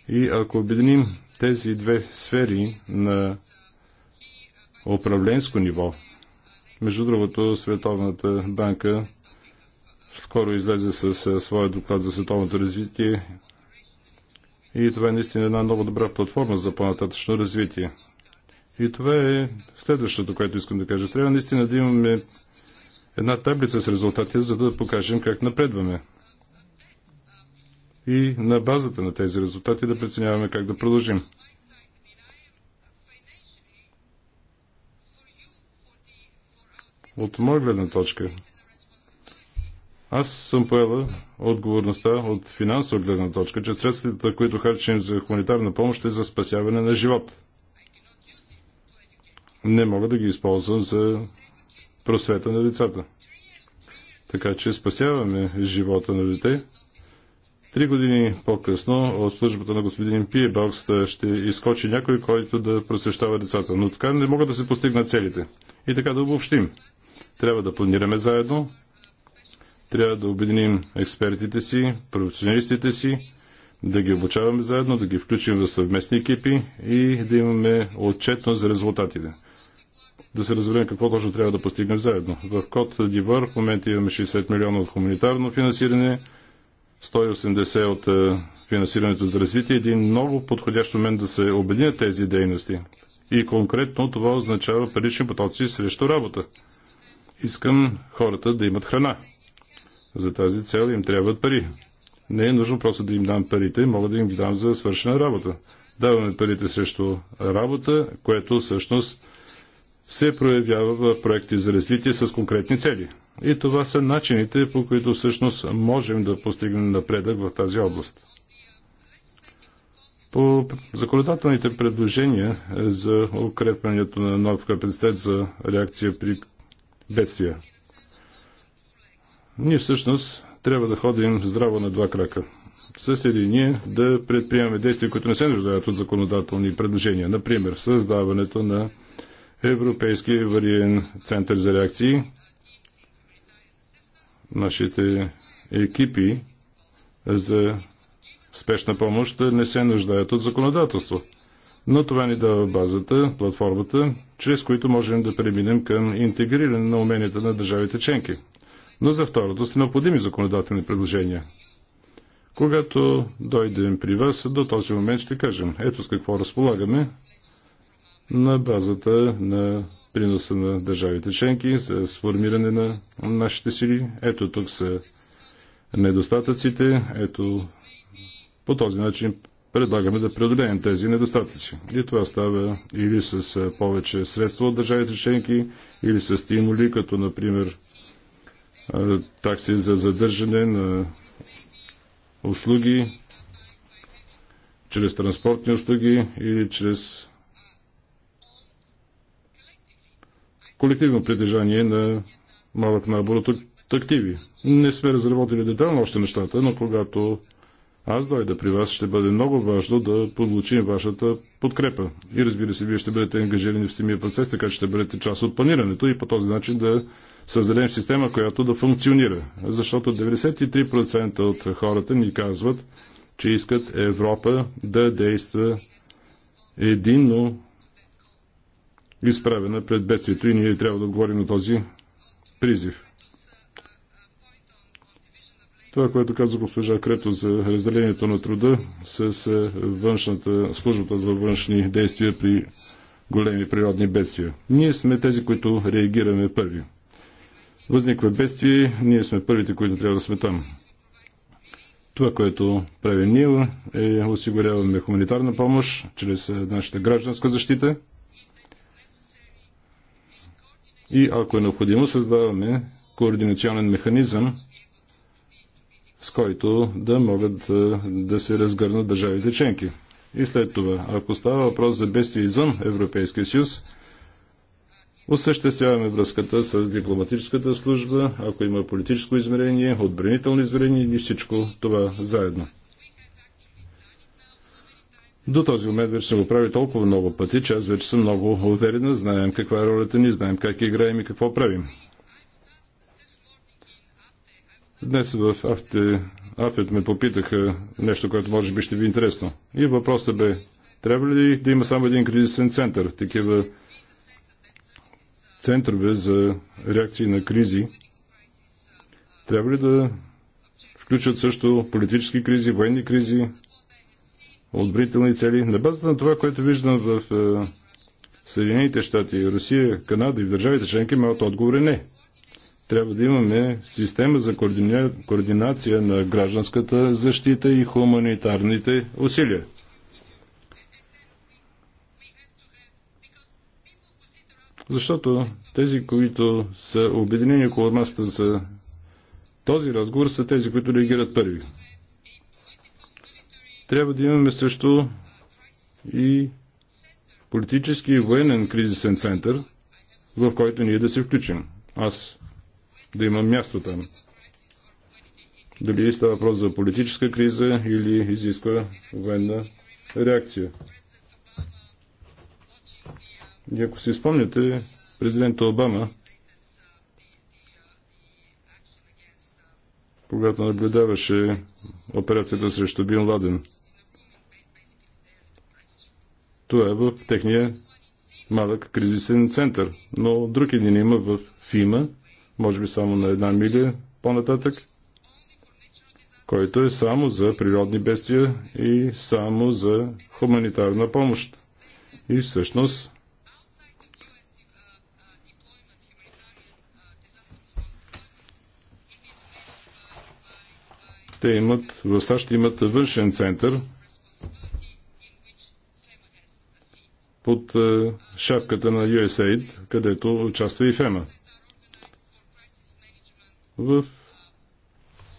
И ако обединим тези две сфери на управленско ниво. Между другото, Световната банка скоро излезе с е, своя доклад за световното развитие и това е наистина една много добра платформа за по-нататъчно развитие. И това е следващото, което искам да кажа. Трябва наистина да имаме една таблица с резултати, за да покажем как напредваме. И на базата на тези резултати да преценяваме как да продължим. От моя гледна точка, аз съм поела отговорността от финансова гледна точка, че средствата, които харчим за хуманитарна помощ, е за спасяване на живот. Не мога да ги използвам за просвета на децата. Така че спасяваме живота на дете. Три години по-късно от службата на господин Пиебалкс ще изкочи някой, който да просвещава децата. Но така не могат да се постигнат целите. И така да обобщим. Трябва да планираме заедно, трябва да обединим експертите си, професионалистите си, да ги обучаваме заедно, да ги включим в съвместни екипи и да имаме отчетност за резултатите. Да се разберем какво точно трябва да постигнем заедно. В Код Дивър в момента имаме 60 милиона от хуманитарно финансиране, 180 от е, финансирането за развитие. Един много подходящ момент да се обединят тези дейности. И конкретно това означава парични потоци срещу работа. Искам хората да имат храна. За тази цел им трябват пари. Не е нужно просто да им дам парите, мога да им ги дам за свършена работа. Даваме парите срещу работа, което всъщност се проявява в проекти за развитие с конкретни цели. И това са начините, по които всъщност можем да постигнем напредък в тази област. По законодателните предложения за укрепването на нов капацитет за реакция при бедствия. Ние всъщност трябва да ходим здраво на два крака. С ние да предприемаме действия, които не се нуждаят от законодателни предложения. Например, създаването на Европейски вариен център за реакции. Нашите екипи за спешна помощ не се нуждаят от законодателство но това ни дава базата, платформата, чрез които можем да преминем към интегриране на уменията на държавите членки. Но за второто са необходими законодателни предложения. Когато дойдем при вас, до този момент ще кажем, ето с какво разполагаме на базата на приноса на държавите членки за сформиране на нашите сили. Ето тук са недостатъците, ето по този начин предлагаме да преодолеем тези недостатъци. И това става или с повече средства от държавите членки, или с стимули, като например такси за задържане на услуги, чрез транспортни услуги или чрез колективно притежание на малък набор от активи. Не сме разработили детално още нещата, но когато аз дойда при вас, ще бъде много важно да получим вашата подкрепа. И разбира се, вие ще бъдете ангажирани в самия процес, така че ще бъдете част от планирането и по този начин да създадем система, която да функционира. Защото 93% от хората ни казват, че искат Европа да действа единно изправена пред бедствието и ние трябва да отговорим на този призив. Това, което каза госпожа Крето за разделението на труда с е, външната, службата за външни действия при големи природни бедствия. Ние сме тези, които реагираме първи. Възниква бедствие, ние сме първите, които трябва да сме там. Това, което правим ние е осигуряваме хуманитарна помощ чрез е, нашата гражданска защита и ако е необходимо, създаваме координационен механизъм, с който да могат да се разгърнат държавите членки. И след това, ако става въпрос за бедствие извън Европейския съюз, осъществяваме връзката с дипломатическата служба, ако има политическо измерение, отбранително измерение и всичко това заедно. До този момент вече съм го прави толкова много пъти, че аз вече съм много уверена, знаем каква е ролята ни, знаем как играем и какво правим. Днес в Афте, Афет ме попитаха нещо, което може би ще ви е интересно. И въпросът бе, трябва ли да има само един кризисен център? Такива центрове за реакции на кризи трябва ли да включат също политически кризи, военни кризи, отбранителни цели? На базата на това, което виждам в е, Съединените щати, Русия, Канада и в държавите членки, моят отговор е не. Трябва да имаме система за координа... координация на гражданската защита и хуманитарните усилия. Защото тези, които са обединени около масата за този разговор, са тези, които реагират първи. Трябва да имаме също и политически и военен кризисен център, в който ние да се включим. Аз да има място там. Дали става въпрос за политическа криза или изисква военна реакция. И ако си спомняте, президент Обама, когато наблюдаваше операцията срещу Бин Ладен, това е в техния малък кризисен център. Но друг един има в Фима, може би само на една миля по-нататък, който е само за природни бедствия и само за хуманитарна помощ. И всъщност те имат, в САЩ имат външен център под е, шапката на USAID, където участва и ФЕМА в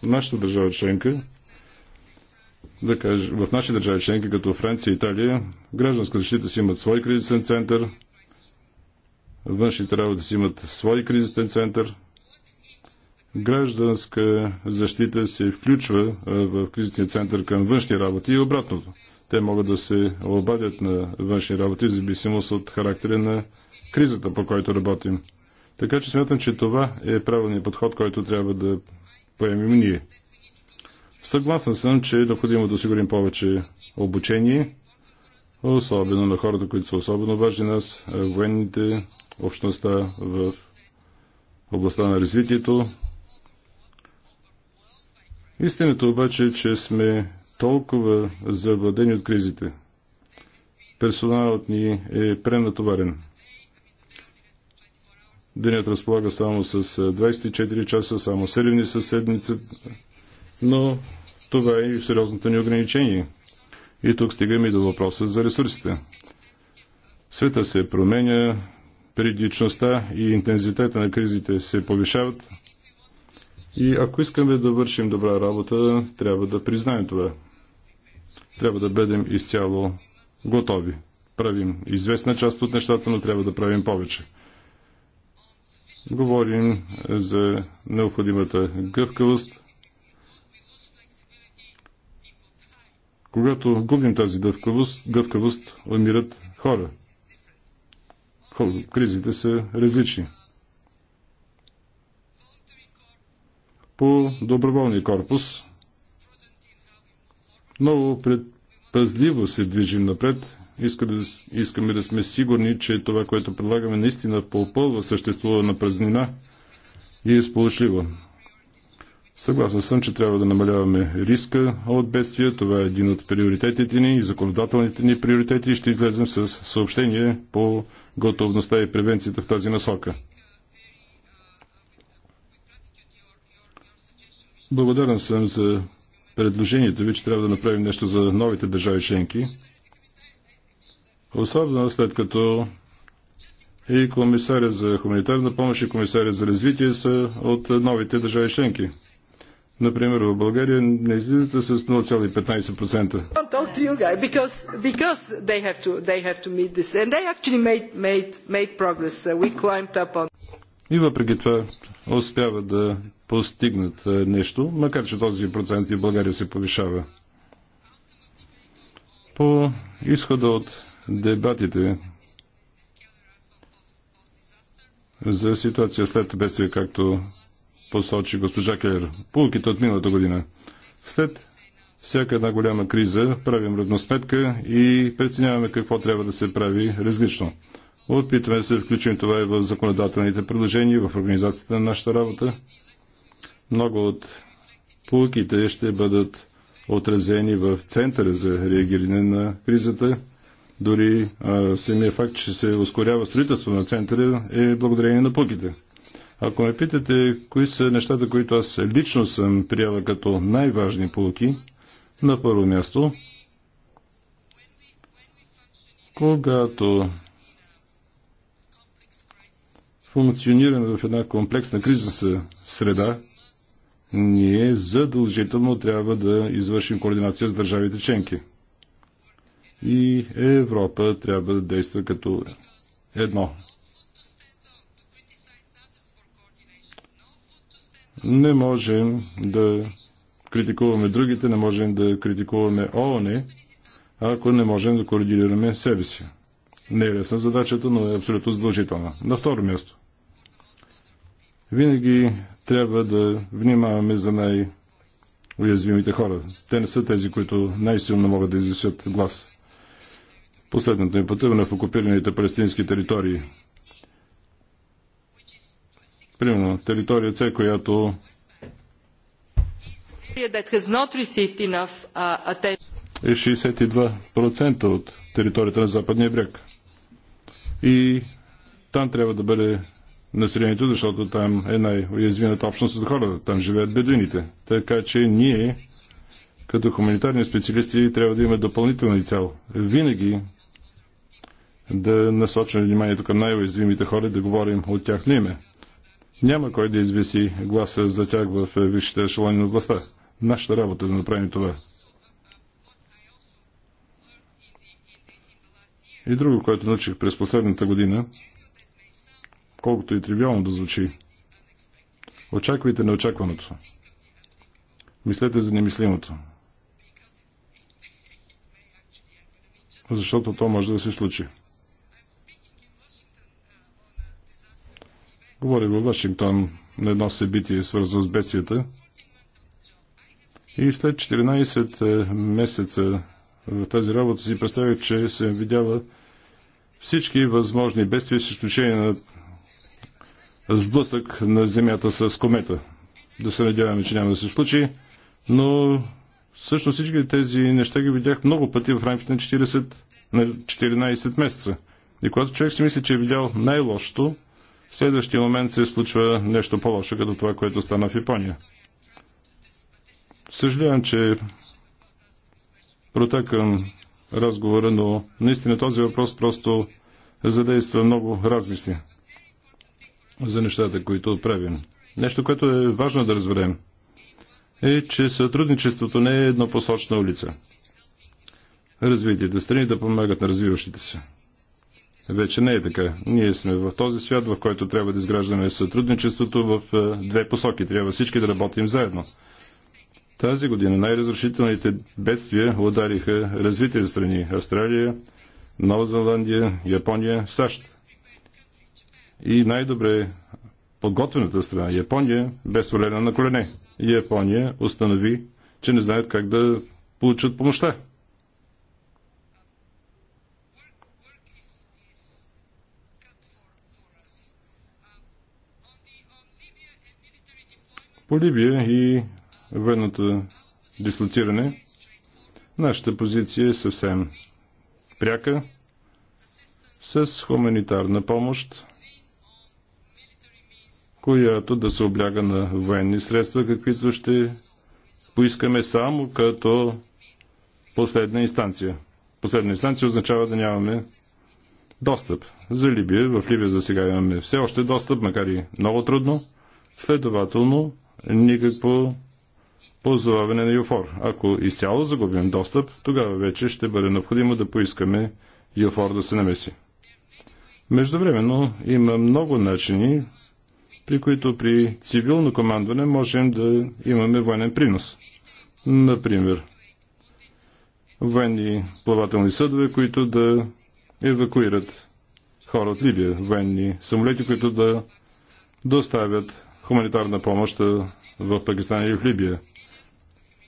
нашата държава членка, да кажа, в нашите държави членки, като Франция и Италия, гражданска защита си имат свой кризисен център, външните работи си имат свой кризисен център, гражданска защита се включва в кризисния център към външни работи и обратното. Те могат да се обадят на външни работи в зависимост от характера на кризата, по който работим. Така че смятам, че това е правилният подход, който трябва да поемем ние. Съгласен съм, че е необходимо да осигурим повече обучение, особено на хората, които са особено важни нас, военните, общността в областта на развитието. Истината обаче е, че сме толкова завладени от кризите. Персоналът ни е пренатоварен. Денят разполага само с 24 е, часа, само 7 със седмица, но това е и сериозното ни ограничение. И тук стигаме и до въпроса за ресурсите. Света се променя, периодичността и интензитета на кризите се повишават. И ако искаме да вършим добра работа, трябва да признаем това. Трябва да бъдем изцяло готови. Правим известна част от нещата, но трябва да правим повече. Говорим за необходимата гъвкавост. Когато губим тази гъвкавост, гъвкавост умират хора. Кризите са различни. По доброволния корпус много предпазливо се движим напред иска да, искаме да сме сигурни, че това, което предлагаме, наистина попълва съществувана празнина и е сполучливо. Съгласен съм, че трябва да намаляваме риска от бедствия. Това е един от приоритетите ни и законодателните ни приоритети. Ще излезем с съобщение по готовността и превенцията в тази насока. Благодарен съм за предложението ви, че трябва да направим нещо за новите държави членки. Особено след като и комисаря за хуманитарна помощ и комисаря за развитие са от новите държави членки. Например, в България не излизате с 0,15%. И въпреки това успява да постигнат е, нещо, макар че този процент и в България се повишава. По изхода от дебатите за ситуация след бедствие, както посочи госпожа Келер. Пулките от миналата година. След всяка една голяма криза правим равносметка и преценяваме какво трябва да се прави различно. Опитваме да се включим това и в законодателните предложения, в организацията на нашата работа. Много от пулките ще бъдат отразени в Центъра за реагиране на кризата – дори самия факт, че се ускорява строителство на центъра е благодарение на пуките. Ако ме питате кои са нещата, които аз лично съм приела като най-важни полки, на първо място, когато функционираме в една комплексна кризисна среда, ние задължително трябва да извършим координация с държавите членки – и Европа трябва да действа като едно. Не можем да критикуваме другите, не можем да критикуваме ООН, ако не можем да координираме себе си. Не е лесна задачата, но е абсолютно задължителна. На второ място. Винаги трябва да внимаваме за най- уязвимите хора. Те не са тези, които най-силно могат да изясят глас последното им пътуване в окупираните палестински територии. Примерно територия С, която е 62% от територията на Западния бряг. И там трябва да бъде населението, защото там е най-уязвимата общност от хората. Там живеят бедуините. Така че ние, като хуманитарни специалисти, трябва да имаме допълнителни цел. Винаги да насочим вниманието към най-уязвимите хора и да говорим от на име. Няма кой да извиси гласа за тях в е, висшите ешелони на властта. Нашата работа е да направим това. И друго, което научих през последната година, колкото и тривиално да звучи, очаквайте неочакваното. Мислете за немислимото. Защото то може да се случи. Говори във Вашингтон на едно събитие, свързано с бедствията. И след 14 е, месеца в е, тази работа си представих, че съм видяла всички възможни бедствия, с изключение на сблъсък на Земята с комета. Да се надяваме, че няма да се случи, но всъщност всички тези неща ги видях много пъти в рамките на, 40, на 14 месеца. И когато човек си мисли, че е видял най-лошото, в следващия момент се случва нещо по-лошо, като това, което стана в Япония. Съжалявам, че протекам разговора, но наистина този въпрос просто задейства много размисли за нещата, които отправим. Нещо, което е важно да разберем, е, че сътрудничеството не е еднопосочна улица. Развитите страни да помагат на развиващите се вече не е така. Ние сме в този свят, в който трябва да изграждаме сътрудничеството в е, две посоки. Трябва всички да работим заедно. Тази година най-разрушителните бедствия удариха развитите страни Австралия, Нова Зеландия, Япония, САЩ. И най-добре подготвената страна Япония бе свалена на колене. Япония установи, че не знаят как да получат помощта. По Либия и военното дислоциране, нашата позиция е съвсем пряка с хуманитарна помощ, която да се обляга на военни средства, каквито ще поискаме само като последна инстанция. Последна инстанция означава да нямаме достъп за Либия. В Либия за сега имаме все още достъп, макар и много трудно. Следователно, никакво позоваване на ЮФОР. Ако изцяло загубим достъп, тогава вече ще бъде необходимо да поискаме ЮФОР да се намеси. Междувременно има много начини, при които при цивилно командване можем да имаме военен принос. Например, военни плавателни съдове, които да евакуират хора от Либия, военни самолети, които да доставят хуманитарна помощ в Пакистан и в Либия.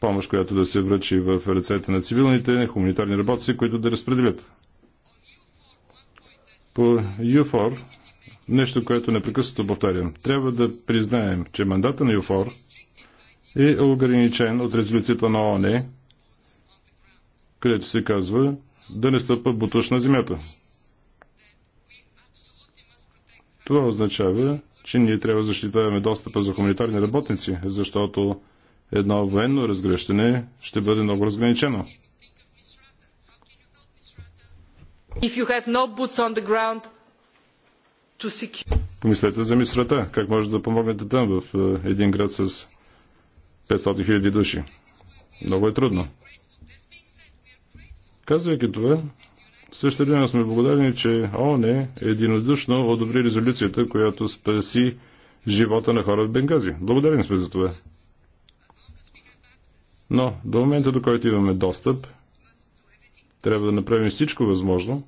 Помощ, която да се връчи в ръцете на цивилните хуманитарни работници, които да разпределят. По ЮФОР, нещо, което непрекъснато повтарям, трябва да признаем, че мандата на ЮФОР е ограничен от резолюцията на ООН, където се казва да не стъпа бутуш на земята. Това означава, че ние трябва да защитаваме достъпа за хуманитарни работници, защото едно военно разгръщане ще бъде много разграничено. Помислете за мисрата. Как може да помогнете там в е, един град с 500 000 души? Много е трудно. Казвайки това, също време сме благодарни, че ООН е единодушно одобри резолюцията, която спаси живота на хора в Бенгази. Благодарен сме за това. Но до момента, до който имаме достъп, трябва да направим всичко възможно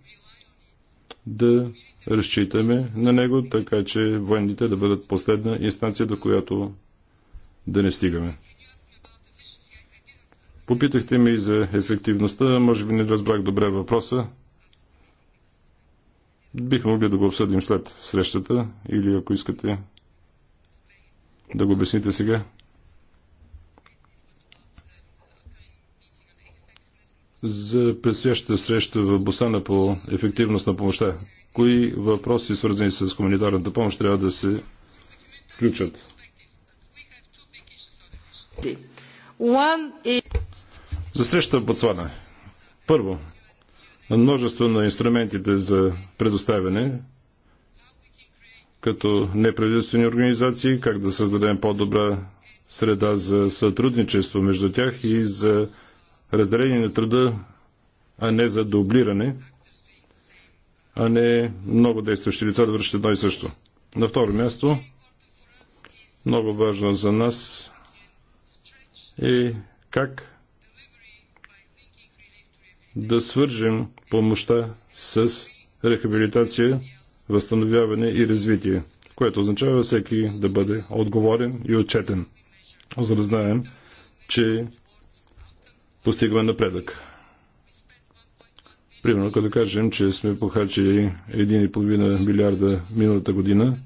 да разчитаме на него, така че военните да бъдат последна инстанция, до която да не стигаме. Попитахте ме и за ефективността, може би не разбрах добре въпроса. Бихме могли да го обсъдим след срещата или ако искате да го обясните сега. За предстоящата среща в Босана по ефективност на помощта. Кои въпроси, свързани с хуманитарната помощ, трябва да се включат? За срещата в Ботсвана. Първо, множество на инструментите за предоставяне, като неправителствени организации, как да създадем по-добра среда за сътрудничество между тях и за разделение на труда, а не за дублиране, а не много действащи лица да вършат едно и също. На второ място, много важно за нас е как да свържем помощта с рехабилитация, възстановяване и развитие, което означава всеки да бъде отговорен и отчетен, за да знаем, че постигаме напредък. Примерно, като кажем, че сме похарчили 1,5 милиарда миналата година,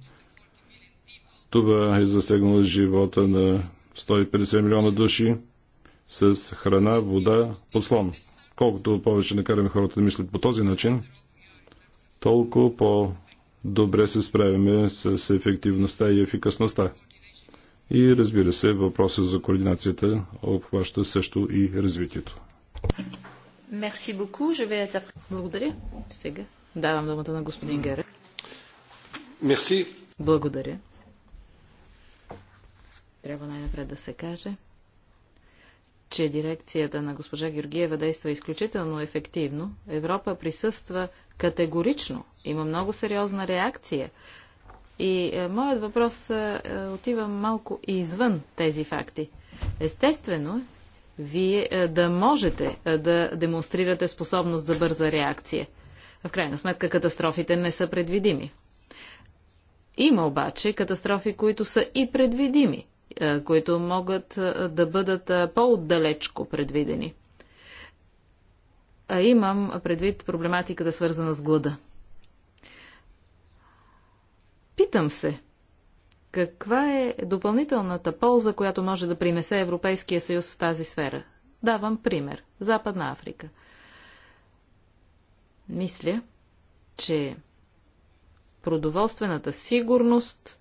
това е засегнало живота на 150 милиона души с храна, вода, послон колкото повече накараме хората да мислят по този начин, толкова по-добре се справяме с ефективността и ефикасността. И разбира се, въпросът за координацията обхваща също и развитието. Мерси Благодаря. Сега давам думата на господин Герек. Мерси. Благодаря. Трябва най-напред да се каже, че дирекцията на госпожа Георгиева действа изключително ефективно. Европа присъства категорично. Има много сериозна реакция. И е, моят въпрос е, е, отива малко извън тези факти. Естествено, вие е, да можете е, да демонстрирате способност за бърза реакция. В крайна сметка катастрофите не са предвидими. Има обаче катастрофи, които са и предвидими. Е, които могат е, да бъдат е, по-отдалечко предвидени. А имам предвид проблематиката свързана с глада. Питам се, каква е допълнителната полза, която може да принесе Европейския съюз в тази сфера? Давам пример. Западна Африка. Мисля, че продоволствената сигурност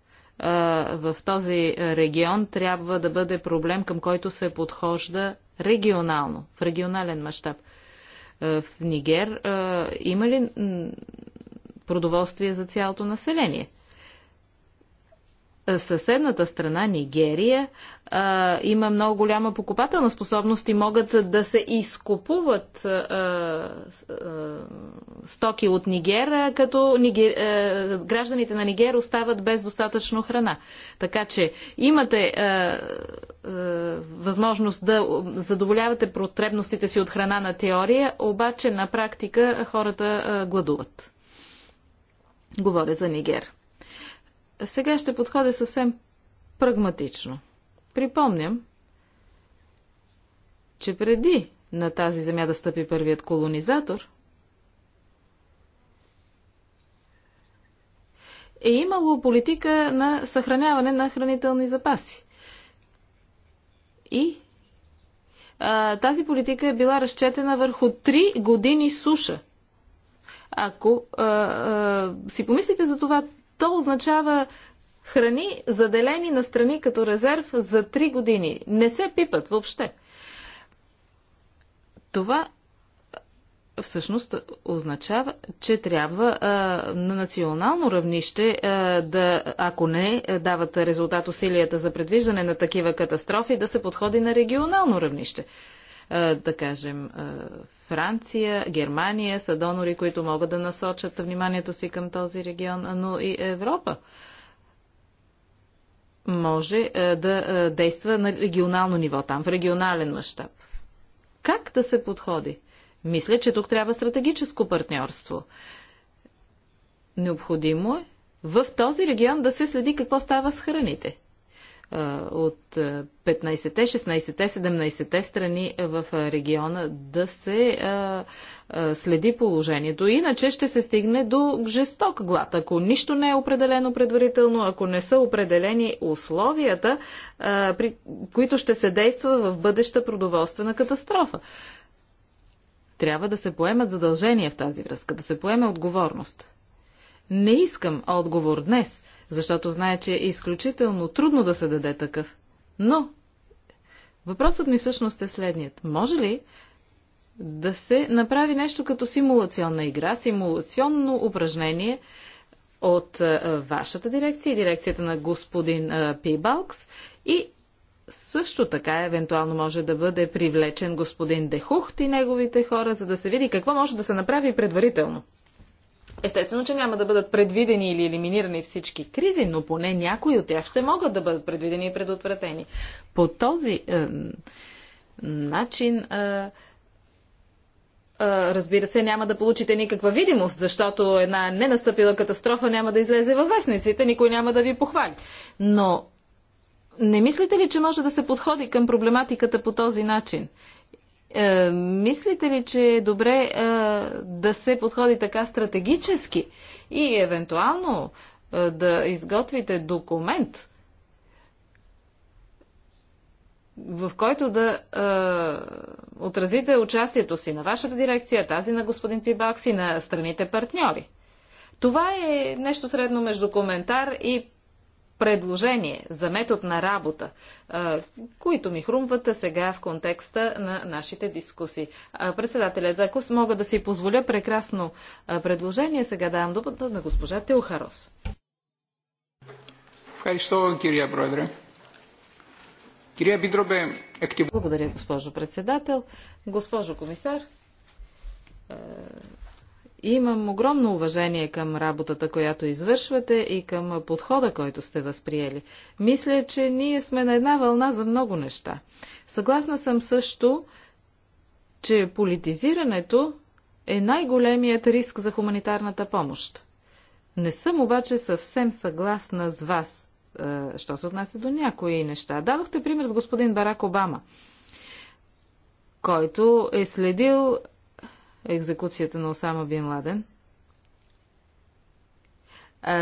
в този регион трябва да бъде проблем, към който се подхожда регионално, в регионален мащаб. В Нигер има ли продоволствие за цялото население? съседната страна, Нигерия, а, има много голяма покупателна способност и могат да се изкупуват а, а, стоки от Нигер, като Нигер, а, гражданите на Нигер остават без достатъчно храна. Така че имате а, а, възможност да задоволявате потребностите си от храна на теория, обаче на практика хората а, гладуват. Говоря за Нигер. Сега ще подходя съвсем прагматично. Припомням, че преди на тази земя да стъпи първият колонизатор, е имало политика на съхраняване на хранителни запаси. И а, тази политика е била разчетена върху 3 години суша. Ако а, а, си помислите за това, то означава храни, заделени на страни като резерв за 3 години. Не се пипат въобще. Това всъщност означава, че трябва а, на национално равнище а, да, ако не дават резултат усилията за предвиждане на такива катастрофи, да се подходи на регионално равнище. Е, да кажем, е, Франция, Германия са донори, които могат да насочат вниманието си към този регион, но и Европа може е, да действа на регионално ниво, там в регионален мащаб. Как да се подходи? Мисля, че тук трябва стратегическо партньорство. Необходимо е в този регион да се следи какво става с храните от 15-те, 16-те, 17-те страни в региона да се следи положението. Иначе ще се стигне до жесток глад. Ако нищо не е определено предварително, ако не са определени условията, при които ще се действа в бъдеща продоволствена катастрофа. Трябва да се поемат задължения в тази връзка, да се поеме отговорност. Не искам отговор днес – защото знае, че е изключително трудно да се даде такъв. Но въпросът ми всъщност е следният. Може ли да се направи нещо като симулационна игра, симулационно упражнение от вашата дирекция и дирекцията на господин Пибалкс и също така евентуално може да бъде привлечен господин Дехухт и неговите хора, за да се види какво може да се направи предварително. Естествено, че няма да бъдат предвидени или елиминирани всички кризи, но поне някои от тях ще могат да бъдат предвидени и предотвратени. По този е, начин. Е, е, разбира се, няма да получите никаква видимост, защото една ненастъпила катастрофа няма да излезе във вестниците, никой няма да ви похвали. Но не мислите ли, че може да се подходи към проблематиката по този начин? Е, мислите ли, че е добре е, да се подходи така стратегически и евентуално е, да изготвите документ, в който да е, отразите участието си на вашата дирекция, тази на господин Пибакс и на страните партньори? Това е нещо средно между коментар и предложение за метод на работа, които ми хрумват сега в контекста на нашите дискусии. Председателят, ако мога да си позволя прекрасно предложение, сега давам думата на госпожа Теохарос. Благодаря, госпожо председател. Госпожо комисар, Имам огромно уважение към работата, която извършвате и към подхода, който сте възприели. Мисля, че ние сме на една вълна за много неща. Съгласна съм също, че политизирането е най-големият риск за хуманитарната помощ. Не съм обаче съвсем съгласна с вас, е, що се отнася до някои неща. Дадохте пример с господин Барак Обама, който е следил екзекуцията на Осама Бин Ладен.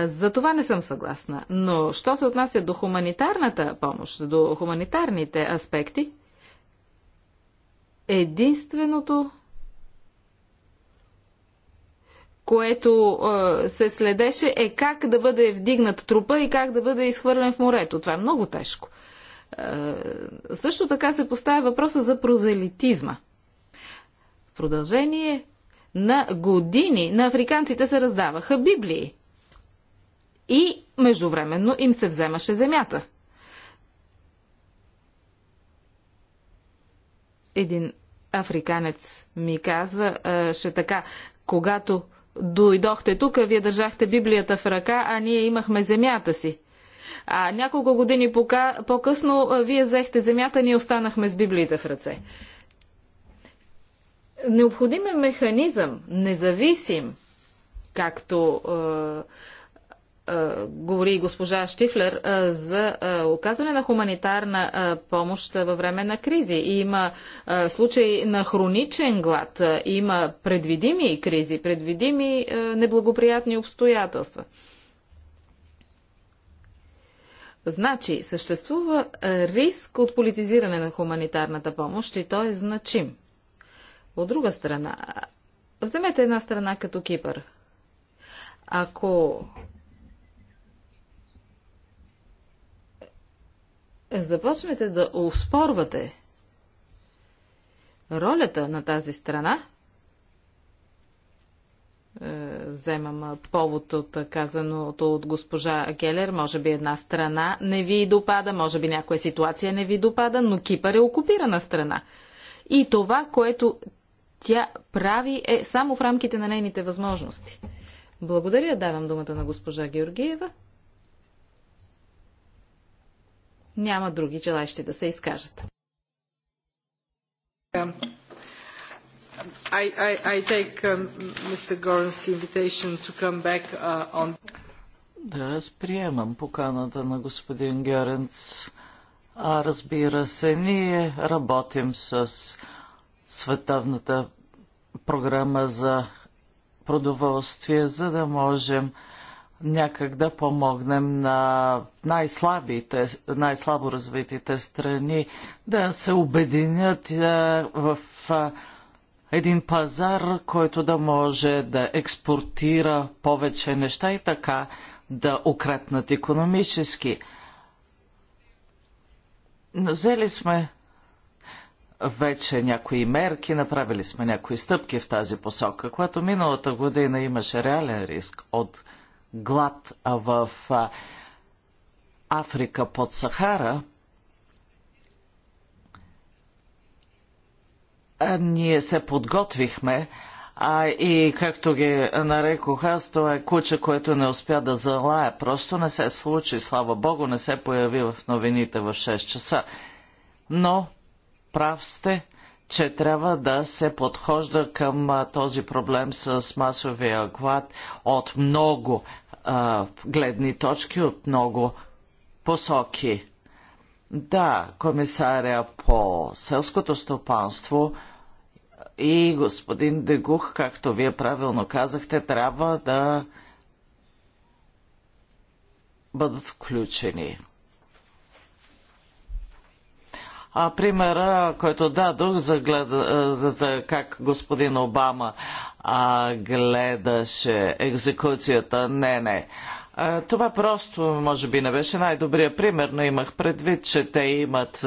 За това не съм съгласна. Но що се отнася до хуманитарната помощ, до хуманитарните аспекти, единственото, което е, се следеше е как да бъде вдигнат трупа и как да бъде изхвърлен в морето. Това е много тежко. също така се поставя въпроса за прозелитизма – продължение на години на африканците се раздаваха библии. И междувременно им се вземаше земята. Един африканец ми казва, ще така, когато дойдохте тук, вие държахте Библията в ръка, а ние имахме земята си. А няколко години по-късно вие взехте земята, ние останахме с Библията в ръце. Необходим е механизъм, независим, както е, е, говори и госпожа Штифлер, е, за е, оказване на хуманитарна е, помощ във време на кризи. Има е, случаи на хроничен глад, има предвидими кризи, предвидими неблагоприятни обстоятелства. Значи, съществува риск от политизиране на хуманитарната помощ и той е значим. От друга страна, вземете една страна като Кипър. Ако започнете да успорвате ролята на тази страна, е, вземам повод от казаното от госпожа Келер. Може би една страна не ви допада, може би някоя ситуация не ви допада, но Кипър е окупирана страна. И това, което тя прави е само в рамките на нейните възможности. Благодаря, давам думата на госпожа Георгиева. Няма други желащи да се изкажат. I, I, I take um, Mr. invitation to come back uh, on. Да, аз приемам поканата на господин Геренц. А разбира се, ние работим с световната програма за продоволствие, за да можем някак да помогнем на най-слабите, най-слабо развитите страни да се обединят е, в е, един пазар, който да може да експортира повече неща и така да укрепнат економически. Взели сме вече някои мерки, направили сме някои стъпки в тази посока. Когато миналата година имаше реален риск от глад в Африка под Сахара, ние се подготвихме а, и както ги нарекох аз, това е куче, което не успя да залая. Просто не се случи, слава Богу, не се появи в новините в 6 часа. Но Прав сте, че трябва да се подхожда към този проблем с масовия глад от много а, гледни точки, от много посоки. Да, комисаря по селското стопанство и господин Дегух, както вие правилно казахте, трябва да бъдат включени а, примера, който дадох за, гледа, за, за как господин Обама а, гледаше екзекуцията, не, не. А, това просто, може би, не беше най-добрият пример, но имах предвид, че те имат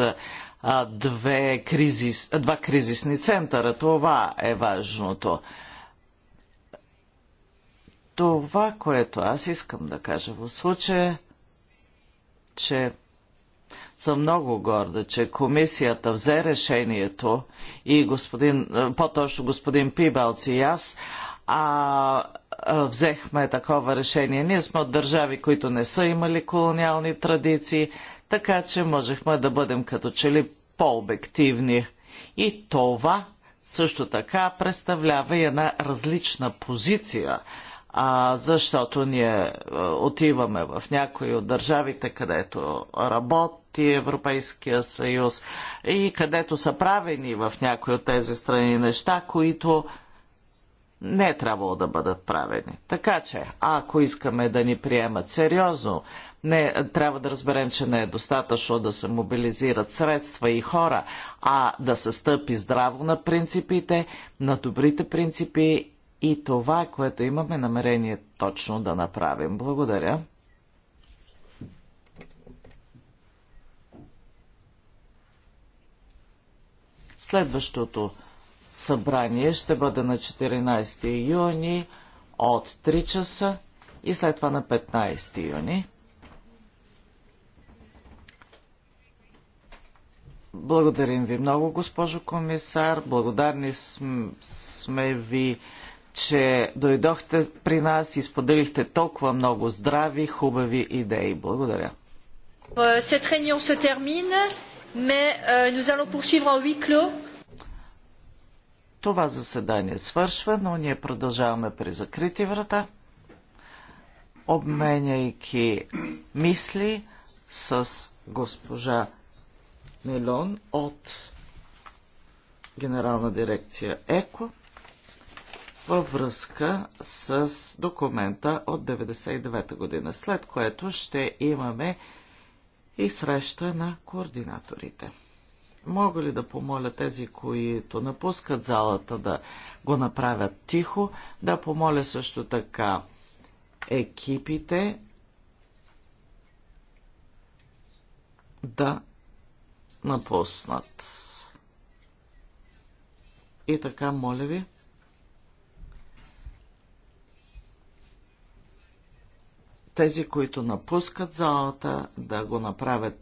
а, две кризис, два кризисни центъра. Това е важното. Това, което аз искам да кажа в случая, че съм много горда, че комисията взе решението и господин, е, по-точно господин Пибалц и аз, а, взехме такова решение. Ние сме от държави, които не са имали колониални традиции, така че можехме да бъдем като че ли по-обективни. И това също така представлява и една различна позиция а, защото ние отиваме в някои от държавите, където работи Европейския съюз и където са правени в някои от тези страни неща, които не е трябвало да бъдат правени. Така че, ако искаме да ни приемат сериозно, не, трябва да разберем, че не е достатъчно да се мобилизират средства и хора, а да се стъпи здраво на принципите, на добрите принципи и това, е, което имаме намерение точно да направим. Благодаря. Следващото събрание ще бъде на 14 юни от 3 часа и след това на 15 юни. Благодарим ви много, госпожо комисар. Благодарни сме ви че дойдохте при нас и споделихте толкова много здрави, хубави идеи. Благодаря. Е, cette réunion termine, mais е, nous allons poursuivre en huis clos. Това заседание свършва, но ние продължаваме при закрити врата, обменяйки мисли с госпожа Мелон от Генерална дирекция ЕКО във връзка с документа от 99-та година, след което ще имаме и среща на координаторите. Мога ли да помоля тези, които напускат залата да го направят тихо, да помоля също така екипите да напуснат. И така, моля ви. тези, които напускат залата, да го направят